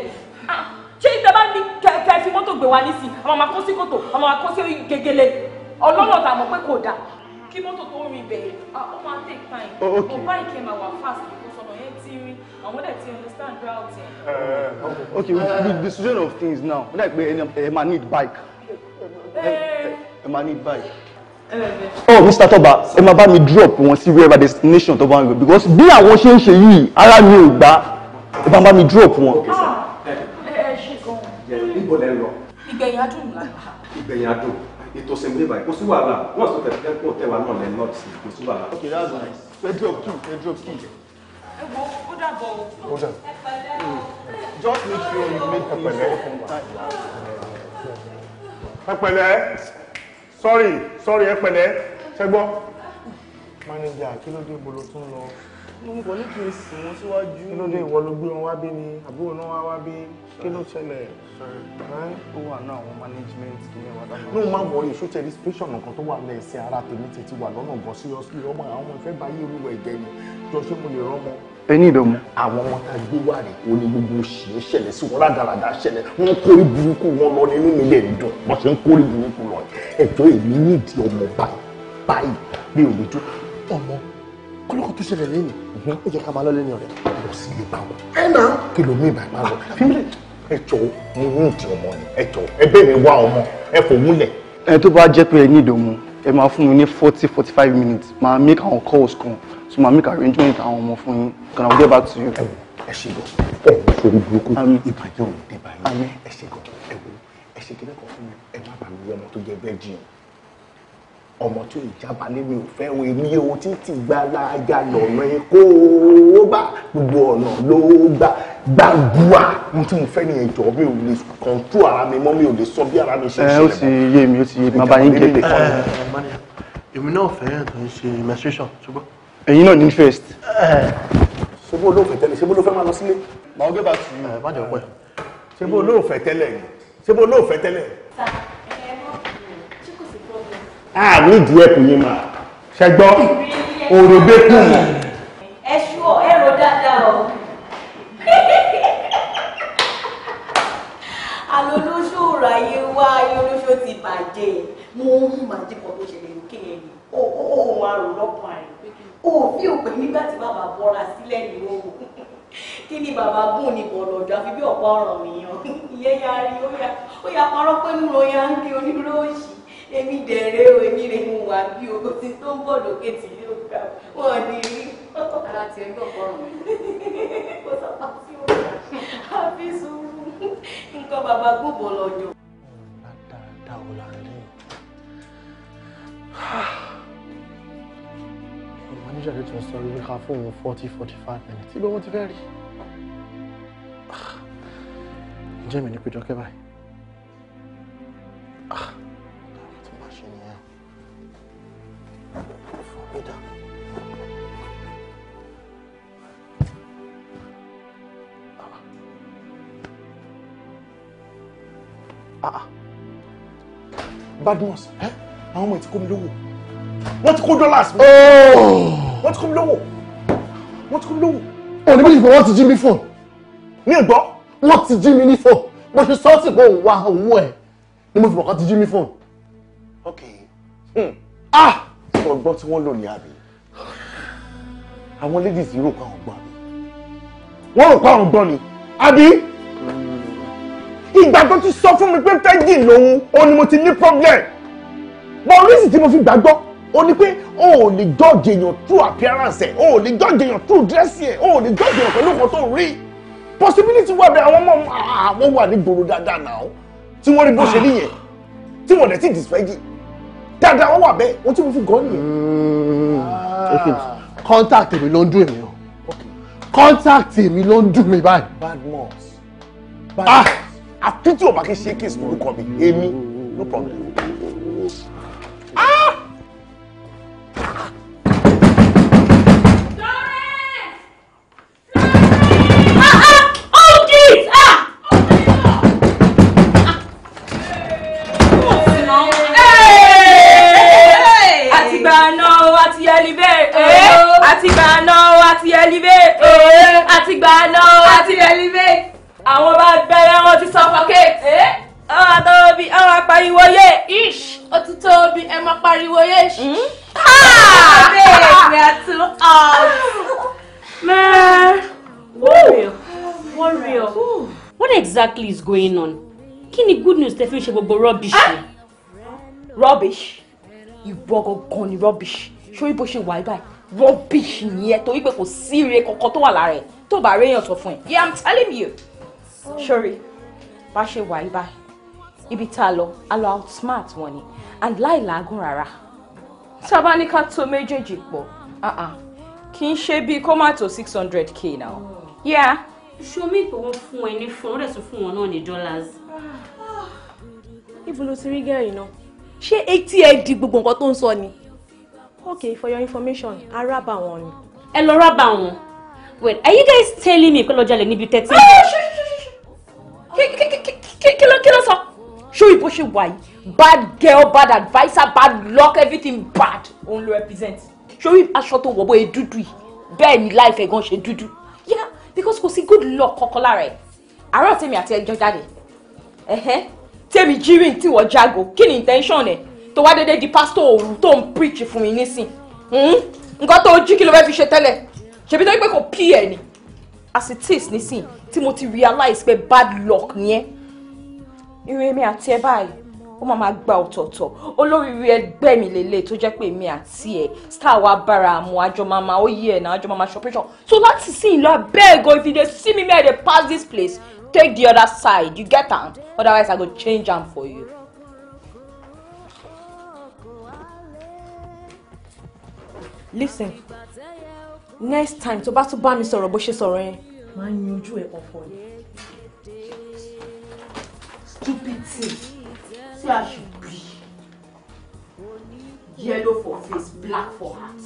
ah, ṣé ìtẹ́ bá ní kẹ fi mọ́tò gbé wa nísì àwọn máa kó sí kòtò àwọn máa kó sí gegele ọlọ́nà tà mọ̀ pé kò dáa kí mọ́tò tó rìn bẹ̀ ó máa take time oh, mo bá ìkẹ́ máa wà fast kó ti understand route eh, eh, okay the situation of things now ó dà pé ẹ need bike eh. ẹ need bike. Oh, Mr. Toba, ẹ bá mi drop wọn sí wherever destination tó bá ń lọ because bí àwọn ṣe ń ṣe yìí ara mi ò gbà ẹ bá mi drop wọn. Ah. Ìgbẹ̀yìn adùn. Ìgbẹ̀yìn adùn ètò sèmílẹ̀ báyìí kò sí wàhálà wọ́n sọ tẹ̀síkẹ́ kó tẹ̀wá náà lẹ́nu náà sí kò sí wàhálà. ok that's nice pedro key pedro key. ẹ wo ó dàbọ̀ o. ó o mm. just make sure you make things work on time. ẹ pẹ̀lẹ́ sorry sorry ẹ pẹ̀lẹ́ ṣẹ́gbọ́. manager kí ló dé bolo tún lọ mo kàn ní kí n sìn wọn síwájú. kí ló dé ìwọ ló gbé wọn wá bí ni àbúrò náà wá wá bí kí ló ṣẹlẹ̀. ó wà náà àwọn management kí ni wàá dáná. lóun máa wọ èso tẹ̀lé station nǹkan tó wà lẹ́sẹ̀ ara tèmi tètè wà lọ́nà gan seriously ọmọ àwọn ọmọ ìfẹ́ báyé olúwa ẹ̀jẹ̀ ni jọ ṣé mo lè rọ́mọ. ẹni ìdọ̀mú. àwọn ọmọ tá a gbé wà rè ó ní gbogbo ṣì ṣẹlẹ̀ sí wọn ládàradà ṣẹlẹ̀ wọn kórè burúkú wọn lọ nínú mi lè dùn wọn ṣe ń kórè burúkú lọ ẹ̀jọ́ èmi nídìí ọmọ báyìí báyìí mi ò lójú ọmọ kọ́lọ́kọ́ tó ṣẹlẹ̀ lẹ́nu ó mhm. jẹ́ ká máa lọ lẹ́nu rẹ̀ lọ sí ilé bá wọn. ẹ náà kí ló mú ìgbà máa lọ fílẹ̀ ẹ jọ mo ní ìdí ọmọ ni ẹ jọ ẹ bẹ́ẹ̀ mi wá ọmọ ẹ fò múlẹ̀. ẹ tó bá jẹ́ pé ẹ ní ìdòmú ẹ máa fún mi ní forty forty five minutes máa make àwọn calls kan so máa make arrangement àwọn ọmọ fún yín kan I get back to you. ẹ ṣe lọ ẹ ní sori burúkú ìbàjẹ́ òní dé báyìí ẹ ṣe lọ ẹ wo ẹ ṣe kíní kan fún mi ẹ má bàa mi ọmọ tó jẹ bẹ́ẹ̀ jiyàn ọmọ tí ò jábá lé mi ò fẹ́ wo èmi yé ohun títí gbalaja lọ́nà kó o bá gbogbo ọ̀nà ló gbà gbàgbà ohun tí mo fẹ́ nìyẹn jọ mi ò lè kọ̀ǹtù ara mi mọ́ mi ò lè sọ bí ara mi ṣe ń ṣe lẹ́mọ́. ó ti yé mi ó ti yé mi máa bá yín gé. èmi náà fẹ́ tó ń ṣe menstruation ṣùgbọ́n. èyí náà ní first. ṣé bó ló fẹ́ tẹ́lẹ̀ ṣé bó ló fẹ́ máa lọ sílé. màá gé bá ti ṣé bó ló fẹ́ tẹ́lẹ̀ ṣé bó ló àní ìdí ẹ̀kú yìí mà ṣẹgbọ́ òròbé kù. ẹ ṣú ọ ẹ rò dáadáa o alolóṣù ráyé wá ayolóṣù ti bàjẹ́ mo ń bàjẹ́ pọ̀ tó ṣẹlẹ̀ lókè yẹn ni ó wà rò lọ́pọ̀ àrùn ó fi òpè nígbà tí bàbá bọ́ra sílẹ̀ ní òun kí ni bàbá gùn ní bọ̀lọ̀ ọ̀dọ̀ àfi bí ọ̀pá ọ̀ràn nìyàn ìyẹn ya rí ó ya parọ́ pé nùrọ̀ ya ń di oníròṣì èmi dẹ̀rẹ́ o èmi rè mo wà bí o ti tó ń bọ̀ lókè tí yóò gbà wọ́n ní rí. ara ti ẹ gbọ́ bọ́ọ̀rù mi. mo sọ pa sí òun àfi sùúrù nǹkan bàbá gbòbò lọ́jọ́. manager rẹ tún sọ wípé ká fóun forty forty five minutes ibi wọn ti fẹ́ rí. ǹjẹ́ mi ní péjọ kẹ́ báyìí. badmus àwọn ọmọ ẹ̀ ti kó mi lówó wọ́n ti kó dollars mi oh! wọ́n ti kó mi lówó wọ́n ti kó mi lówó. ọ̀nà bí ìgbà wọ́n ti jí mi fún. ní ìgbọ́. wọ́n ti jí mi ní fún bó ṣe sọ́ọ̀tì pé òun wá owó ẹ̀ ni mo fi mọ̀ká ti jí mi fún. ok hmm. ah ọgbọ́n tí wọ́n lò ní àbí àwọn ladies yìí rò pé àwọn gbọ́n àbí wọ́n rò pé àwọn gbọ́n ni àbí ìgbà tó ti sọ fún mi pé fẹ́jì lòun òun ni mo ti ní problem but reason tí mo fi gbàgbọ́ o ni pé o ò lè judge èèyàn through appearance ẹ̀ o ò lè judge èèyàn through dress ẹ̀ o ò lè judge èèyàn pẹ̀lú nǹkan tó rí possibility wà bẹ́ẹ̀ àwọn ọmọ àwọn ah, wà ní gbòòrò dáadáa náà tí wọ́n rí bó ṣe nìyẹn tí wọ́n dẹ̀ ti disfẹ́jì dáadáa wọ́n wà bẹ́ẹ̀ o tí mo fi gan nìyẹn. Hmm, ah. contact mi ló ń dùn èmi o contact mi ló ń dùn mi báyìí. bad mouth. bad mouth àfi tí o bá kí ṣe kéésì orúkọ mi èmi no problem. Ah! àtìgbà náà àti ẹlíbẹ̀ àtìgbà náà àti ẹlíbẹ̀ àwọn bá bẹ̀rẹ̀ wọn ti suffocate. Eh? àwọn àtọwọ́ bíi àwọn apariwo yé ish ó ti tó bí ẹ máa pariwo yé ish. bẹ́ẹ̀ni hmm? àti mẹ́ẹ̀. wọ́n rí ọ wọ́n rí what exactly is going on? Kini good news tẹ fi ń ṣe gbogbo rubbish. Ah! rubbish ìwọ gangan ni rubbish ṣé bó ṣe wà báyìí rubbish nìyẹn torí pé kò sí ire kankan tó wà lára ẹ tó bá réyàn sọ fún ẹ. yeah i'm telling you sori bá ṣe wà yí báyìí ibi tá a lọ a lọ outsmart wọn ni and láì làágùn rárá tá a bá ní ká tó méjèèjì pọ̀ kì í ṣe bíi kó má tó six hundred k now. yeah. ṣomi pé wọ́n fún ẹ ní fún ọ̀rẹ́sùn fún wọn náà ní dollars. ibo ló ti rí gẹ́rì náà ṣé etí ẹ di gbogbo nǹkan tó ń sọ ni. okay for your information arábà wọn ni. ẹ lọ rábà wọn wait are you guys telling me pé lọ́jà lè níbi thirty. Ah, kill, ló kill, ló sọ ṣóyí bó ṣe wà yìí bad girl bad advisor, bad luck everything bad Only represents. Show you a shot wọ̀ bó e dúdú yìí bẹ́ẹ̀ ni láìfẹ́ gan ṣe dúdú yeah because kò sí good luck kankan lára ẹ̀ àárọ̀ tèmi àti ẹjọ́ jáde tèmi jírí tí wọ́n jágo kí ni intention ẹ̀ tó wá déédéé di pásítọ̀ òru tó ń preach fún mi nísìn hmm? nǹkan tó jí kí ló fẹ́ fi ṣe tẹ́lẹ̀ ṣèbí tó ń pẹ́ kò pí ẹ̀ as it is nísìn tí mo ti realize pé bad luck yẹn irun èmi àti ẹ báyìí ó máa máa gba ọ̀tọ̀ọ̀tọ̀ olóríire ẹgbẹ́ mi lélẹ̀ tó jẹ́ pé èmi àti ẹ star wa bára àmọ́ àjọ mama ó yí ẹ̀ náà àjọ mama shopping so láti sí ìlú abẹ́ẹ̀gọ́ if you dey see me make i dey pass this place take the other side you get am otherwise i go change am for you. listen next time tó bá tún bá mi sọ̀rọ̀ bó ṣe sọ̀rọ̀ yẹn máa ń yanjú ẹ̀ ọ̀pọ̀ ni. stupid thing say I should be yellow for face black for heart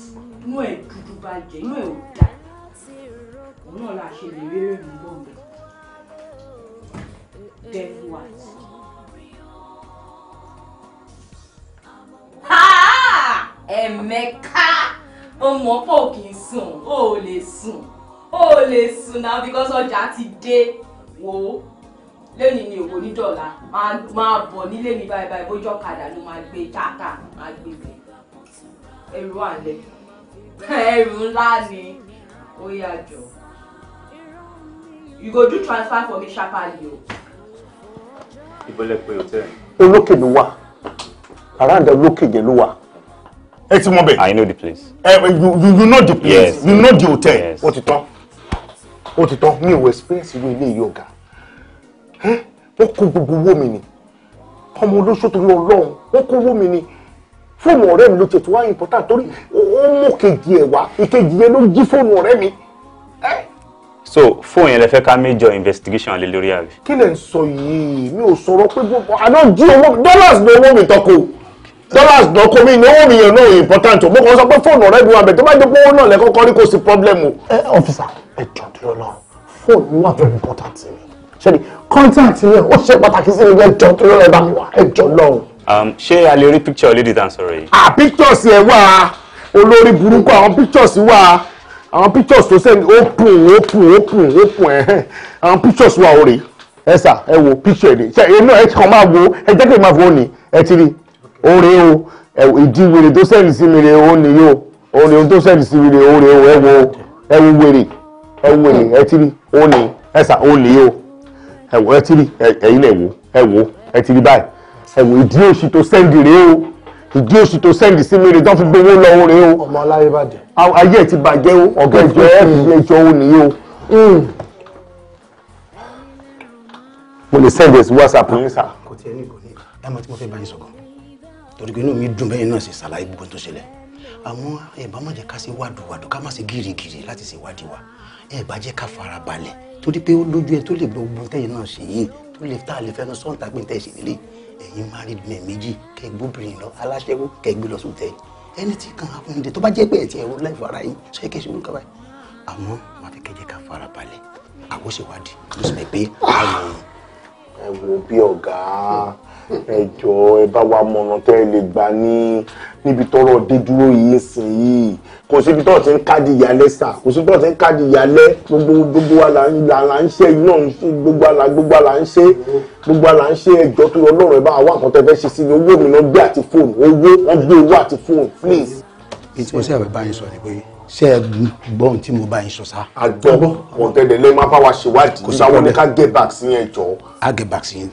inú ẹ̀ dúdú bá jẹ inú ẹ̀ ò dá òun náà la ṣe lè rere mi gbọ̀ngàn then what. Emeka! ọmọ pò kì í sùn ó ò lè sùn ó ò lè sùn náà because ọjà ti dé wò ó lónìí ni òwò ní dọ̀la máa bọ̀ nílé mi báyìí báyìí bójú ọ̀kadà ló máa gbé jáká máa gbé bẹ̀ ẹrù àlẹ ẹrù ńlá ni ó yà jọ you go do transfer for me sharply o. ìbọ̀lẹ̀ pé o tẹ́. olókè ló wà aráàlú olókè yẹn ló wà ẹ ti mọ bẹ. I know the place. ẹ you, you you know the place yes. you know the hotel. Yes. ó ti tán ó ti tán mi ò experience irú ilé yìí ọ̀gá wọ́n kó gbogbo owó mi ni ọmọ olóṣù torí ọlọ́run wọ́n kó owó mi ni fóònù ọ̀rẹ́ mi ló ti tó wá important torí ó mú kejì ẹ̀ wá ìkejì yẹn ló jí fóònù ọ̀rẹ́ mi. so fóònù yẹn lè fẹ́ ká major investigation lé lórí àbí. kí lẹ̀ ń sọ yìí mi ò sọ̀rọ̀ pé àná jí owó dollars ní owó mi tọ́kọ̀ dollars náà kò mí ìnáwó mi yẹn náà important o mo kàn sọ pé fóònù ọ̀rẹ́ mi wà bẹ̀ tó bá jẹ́ pé owó náà lẹ́kọ́kọ́ rí kò sí problem o. ẹ ọfisa ẹ jọ dúró náà fóònù wà very important sí mi ṣe ni contact yẹn ó ṣe pàtàkì sí mi ẹ jọ dúró náà ẹ bá mi wà ẹ jọ lọ́hùn. Um, ṣé a lè rí picture lady tan sọ̀rọ̀ yìí. ah pictures yẹn wà olórí burúkú àwọn pictures wà àwọn pictures tó sẹ́ni open open open open ẹ̀hẹ́n àwọn pictures wà ó rè é sà ẹ wo picture ni ṣe inú ẹ kàn máa wo ẹ jẹ́ kí n máa fọ́ ni ẹ ti rí i oore o ìdí wèrè tó sẹ́ẹ̀lì sí mi rè ó nìyí o oore ohun tó sẹ́ẹ̀lì sí mi rè o rè o ẹ wo ẹ wo wèrè ẹ wo wèrè ẹ ti rí ó ní ẹ sà ó nìyí o ẹ wo ẹ ti rí ẹ̀yin náà wo ẹ wo ẹ ti rí báyìí ẹ wo ìdí òṣì tó sẹ́ẹ̀lì rè o ìdí òṣì tó sẹ́ẹ̀lì sí mi rè tó fi gbowó lọ ó rè o ọmọ aláyé bàjẹ́ ayé ẹ ti bàjẹ́ o ọ̀gá ẹjọ́ ẹ fi o mm. mo lè send this whatsapp ní sà. tí mo fẹ́ bá sọ̀kan torí pé inú mi dùn bẹ́ẹ̀ náà ṣe ṣàlàyé gbogbo tó ṣẹlẹ̀ àwọn ìbámọ̀jẹ̀ ká ṣe wádùwádù ká má ṣe gírígírí láti ṣe wádìí wa ẹ bá jẹ́ ká fara balẹ̀ torí pé ó lójú ẹ tó lè gbọ́ gbogbo tẹ́yìn náà ṣe yìí tó lè tá a lè fẹ́nu sọ́ǹtà pé tẹ́ ṣe nílé ẹ̀yin married men méjì kẹ́ ẹ gbóbìnrin lọ aláṣẹ́wó kẹ́ ẹ gbé lọ sùn tẹ́ ẹni tí kan àfúnde tó bá jẹ́ pé ẹ̀ ti ẹ̀rọ láìfọ ara yín ṣé kẹ́ ṣe olùkọ́ báyìí àmọ́ màá fi kẹ́jẹ́ ká fara balẹ̀ àwòṣèwádìí mo sì mẹ́ pé ah! àrùn. ẹ wo bí ẹ jọ̀ọ́ ẹ bá wa mọ̀nà tẹ́ ẹ lè gbà ní níbi tọ́rọ̀ dé yìí sìn yìí kò síbi tọ́ọ̀ ti ń káàdì ìyálẹ́ sà kò síbi tọ́ọ̀ ti ń káàdì ìyálẹ́ gbogbo gbogbo wa là ń ṣe yìí náà gbogbo wa gbogbo wa ń ṣe gbogbo wa ń ṣe ẹjọ́ tó yọ lọ́rọ̀ ẹ bá àwọn àkàntẹ́ fẹ́ ṣe sí ni owó mi náà gbé àti fóònù owó wọ́n gbé owó àti fóònù please. ìtumọ̀ sí àbẹ̀ báyìí sọ ni pé ṣe é gbọ́ ohun tí mo bá yín sọ sá. àgbọ̀ ọ̀tẹ̀lẹ̀ lẹ́ẹ̀ máa bá wa ṣèwádìí kò sáwọn ká get back yẹn jọ. á get back yẹn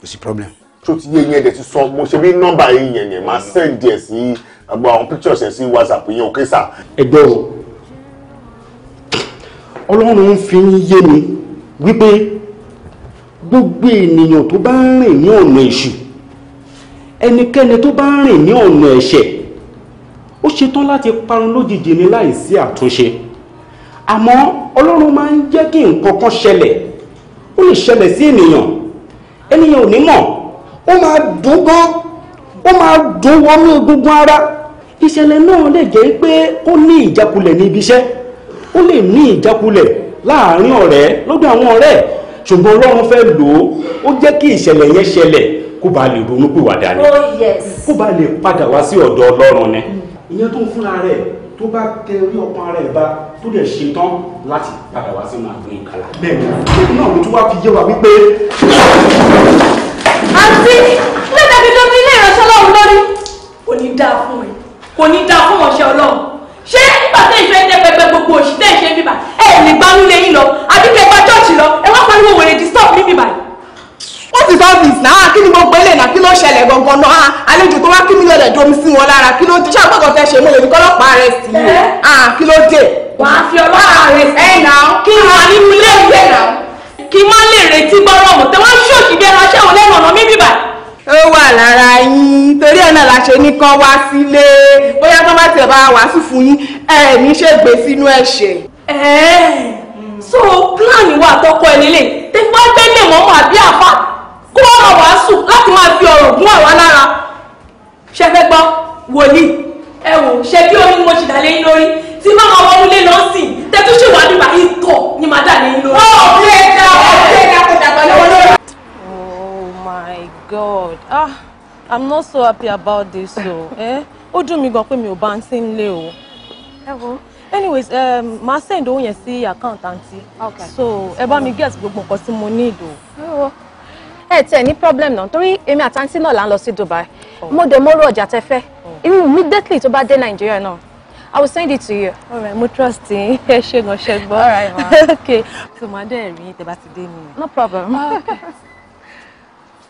kò sí problem tó ti yé yẹn dẹ̀ ti sọ mo ṣe bí nọ́mbà yẹn yẹn yẹn máa send ẹ̀ sí àgbà àwọn pictures ẹ̀ sí whatsapp yẹn òkè sà. ẹgbẹ́ o ọlọ́run fi ń yé mi wípé gbogbo ènìyàn tó bá ń rìn ní ọ̀nà èṣù ẹnikẹ́ni tó bá ń rìn ní ọ̀nà ẹ̀ṣẹ̀ ó ṣetán láti parun lójijì ni láìsí àtúnṣe àmọ́ ọlọ́run máa ń jẹ́ kí nǹkan kan ṣẹlẹ̀ ó lè ṣẹlẹ̀ sí ènìyàn ènìyàn ò ní mọ̀ ó máa dùn gan ó máa dùn wọnú egungun ara ìṣẹ̀lẹ̀ náà lè jẹ́ pé ó ní ìjákulẹ̀ ní ibi iṣẹ́ ó lè ní ìjákulẹ̀ láàárín ọ̀rẹ́ lọ́dọ̀ àwọn ọ̀rẹ́ ṣùgbọ́n ọlọ́run fẹ́ lò ó ó jẹ́ kí ìṣẹ̀lẹ̀ yẹn ṣẹlẹ̀ kó ba lè ronú pìwàdà ni oh, kó ba lè padà wá sí ọ̀dọ̀ ọlọ́run ni. Mm. ìyẹn tó ń fúnra rẹ̀ tó bá tẹ ọkàn rẹ̀ bá tó dẹ̀ ṣe tán láti padà wá sínú àgbọn ìkàlà. bẹ́ẹ̀ ni náà ló tún wá fi yé wa wípé àǹtí mẹ́ta fi domi ilé ìránṣẹ́ ọlọ́run lórí kò ní dáa fún ẹ kò ní dáa fún ọ̀ṣẹ́ ọlọ́run ṣé nígbà tẹ́ ìfẹ́ tẹ́ pẹpẹ gbogbo òṣì tẹ́ ìṣe bíbà ẹ lè gbanú lẹ́yìn lọ àbí kẹ́ gba chọ́ọ̀chì lọ ẹ wá pariwo wèrè disturb mi bíbà yìí. what is all this náà kí ni gbogbo ilé náà kí ló ṣẹlẹ̀ gangan náà ah, àlejò tó wá kí mi lọ lẹ̀ domi sí wọn lára kí ló ṣe àgbọ̀gàn fẹ́ ṣe mú lèmi kọ́lọ́pàá rẹ̀ sí i eh? ah, kí ló dé. wàá fi ọlọ́pàá rẹ̀ sí i kí n wà nínú ilé ìwé náà kí n má lè retí gbọ́rọ̀ mọ̀ tẹ́ wọ́n ṣòṣì bí ẹran ṣẹ́wọ̀n lẹ́nu ọ̀nà mi bíbà. ó wà lára yín torí ẹ̀ náà la ṣe ní kán wá sílé bóyá tó bá tiẹ̀ bá wàásù fún yín ẹ̀ ní ṣègbè sínú ẹ̀ṣẹ̀. ẹ̀ẹ́ so plan ìwà àtọkọ ẹni lè tẹ bá gbẹlẹ mọmọ àbí àfa kó ọ̀rọ̀ wàásù láti máa fi ọ̀rọ̀ gún àwa lára ṣe fẹ́ gbọ́ wòlíì ẹ wò ṣe bí omi mo ṣì dálé lórí i'm not so happy about this so eh ó do mí gan pé mi ò bá ń tí anyways um, my send only yẹn sí account àǹtí. okay so ẹ me guess get gbogbo nǹkan money mo need Hey, ẹ wo ẹ problem náà torí èmi àti àǹtí náà land lost in Dubai oh. mo dé mo rú ọjà tẹ fẹ́ oh. immediately to bad dé Nàìjíríà náà. I will send it to you. All right, mo trust in. Ẹ ṣe gan ṣe gbọ́. All right, okay. So, ma dẹ́ ẹ̀rín tẹ bá ti dé mi. No problem. okay.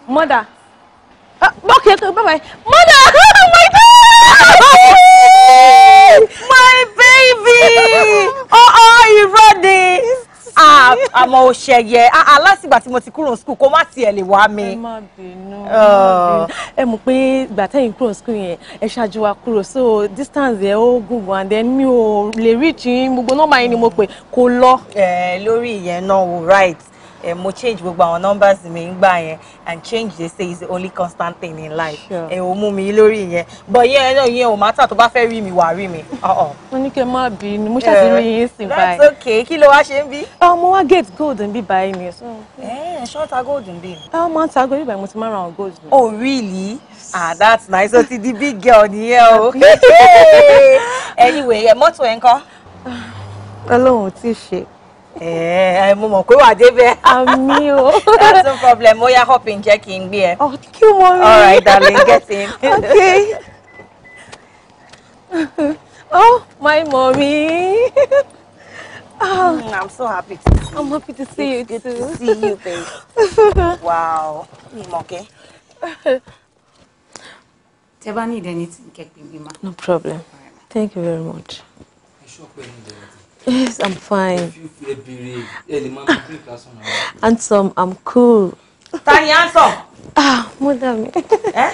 Mother. Okay, okay, bye-bye. Mother! My baby! My baby! Oh, oh, irọ́ ni. Àmọ́ ò ṣẹ̀yẹ. Alásìgbà tí mo ti kúrò school kó má tiẹ̀ lè wá mi. Ẹ má bínú. Ẹ mọ̀ pé ìgbà tẹ́yìn kúrò school yẹn, ẹ ṣáájú wa kúrò so distance yẹn ó gùn bọ̀ and then mi ò lè reach gbogbo nọ́mbà yẹn ni mo pè kó lọ. Ẹ lórí ìyẹn náà o right um, mo change gbogbo àwọn numbers mi ń gbà yẹn and change they say is the only constant thing in life ẹ ò eh, mú mi lórí yẹn but yẹn náà yẹn ò mátà tó bá fẹ́ rí mi wà rí mi. Uh-uh. mo ní kí ẹ má bínú mo ṣàti rí yín sí eh, báyìí. that's okay kí ló wá ṣe ń bí. ọmọ ah, wa get gold ń bí báyìí mi. ẹ ẹ ṣọ́ ta gold ń bí. ọmọ ń ta gold bí báyìí mo ti máa ra àwọn gold. oh really ah that's nice o ti di big girl nìyẹn o. anyway mọ́tò ẹ̀ ń kọ́. Ah, ọlọ́run ò tí ì ṣe ẹ eh, eh, mo mọ̀ pé wà débẹ̀. àmì o. that's no problem ó yá hop in jẹ́ kí n gbé ẹ. oh thank you mommy. all right darling get in. okay. oh my mommy. Oh. Mm, I'm so happy to see you. I'm happy to see it's you good too. to see you, babe. wow. Imoke. Tẹ́ bá need anything, get me, ma. No problem. Thank you very much. I sure need anything. Yes, I'm fine. Handsome, I'm cool. Tani handsome. Ah, mother me. Eh?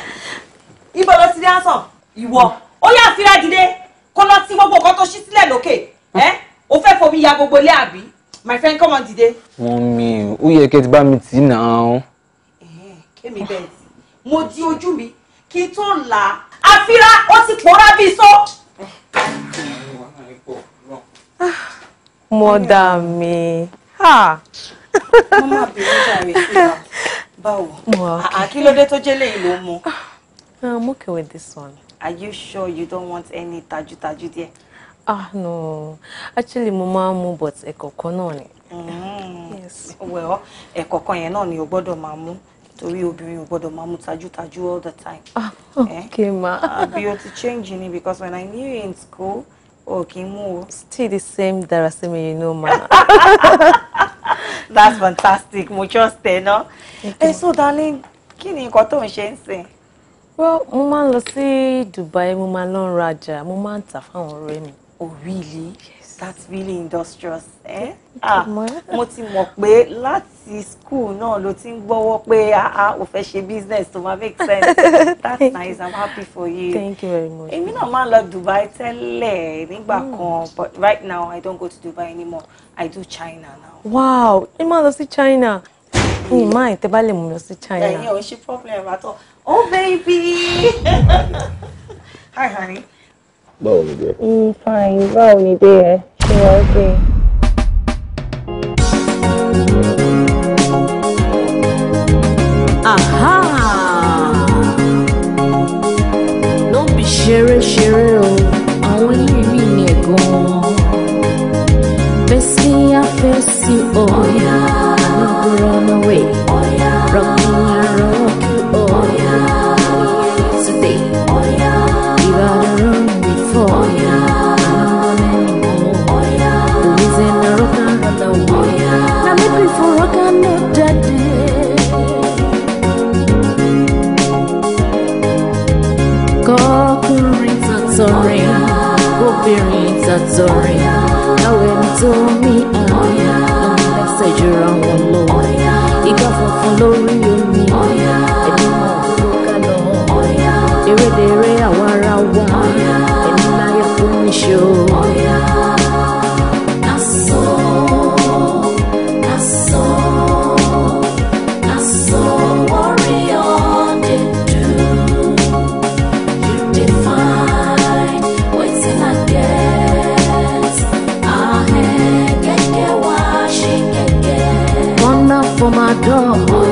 Ibo ló ti rí handsome? Ìwọ. Ó yá fira dìde. Kó lọ sí gbogbo nǹkan tó ṣí sílẹ̀ lókè. Eh? Ó fẹ́ fomi ya gbogbo le abi. My friend come on dìde. Wọ́n mi, ó yẹ kẹ́ ti bá mi tì náà. Eh, Kemi bẹ́ẹ̀ Mo di oju mi kí n tó là á. Àfira ó ti pòórá bíi só mọ́dà mi. mọ́mọ́ àbẹ̀wò jàre ìgbà báwo àkílódé ah, tó jẹ́ lẹ́yìn ló mú. Ah, I'm okay with this one. Are you sure you don't want any tajutaju there? Ah no, actually mo máa ń mu but ẹ̀kọ̀ọ̀kan náà ni. Mm-hmm. Yes. Well, ẹ̀kọ̀ọ̀kan yẹn náà ni o gbọ́dọ̀ máa mú torí obìnrin ò gbọ́dọ̀ máa mú tajútajú all the time. Ah, eh? okay ma. Àbí o ti change ni because when I knew you in school. Okay, kì í still the same Darasimi you know ma. that's fantastic mo just tẹ no. ẹ so darling can you go to my chance? well mo máa ń Dubai mo máa lọ ń rajà oh really? yes that's really industrious. Eh? Ah, mo ti mọ̀ pé láti school náà ló ti ń gbọ́wọ́ pé ah o fẹ́ ṣe business to ma make sense. That's nice. I'm happy for you. Thank you very much. Èmi náà máa ń lọ Dubai tẹ́lẹ̀ nígbà mm. kan but right now I don't go to Dubai anymore. I do China now. Wow! Ẹ máa lọ sí China. Ìmọ̀ àìtẹ́bá mm. lè mú lọ sí China. Ẹ̀yin ò ṣe problem at all. Oh baby! Hi honey. Báwo ni dé? Mm, fine, báwo ni dé ẹ? ti wà Aha! Ló be bi ṣeré Oh, o, àwọn yìí rí ni ẹ̀gàn. Fẹ́sí afẹ́sí o. Oh. Now obìnrin tàtọ̀rìn láwọn ẹni tó ní àrùn lọ́mọ lẹ́sẹ̀ jura wọn lọ́wọ́ Oh yeah, lórí omi ẹni máa fún ká lọ erédèrè àwa ara wa ẹni láyé fún oh yeah. dor.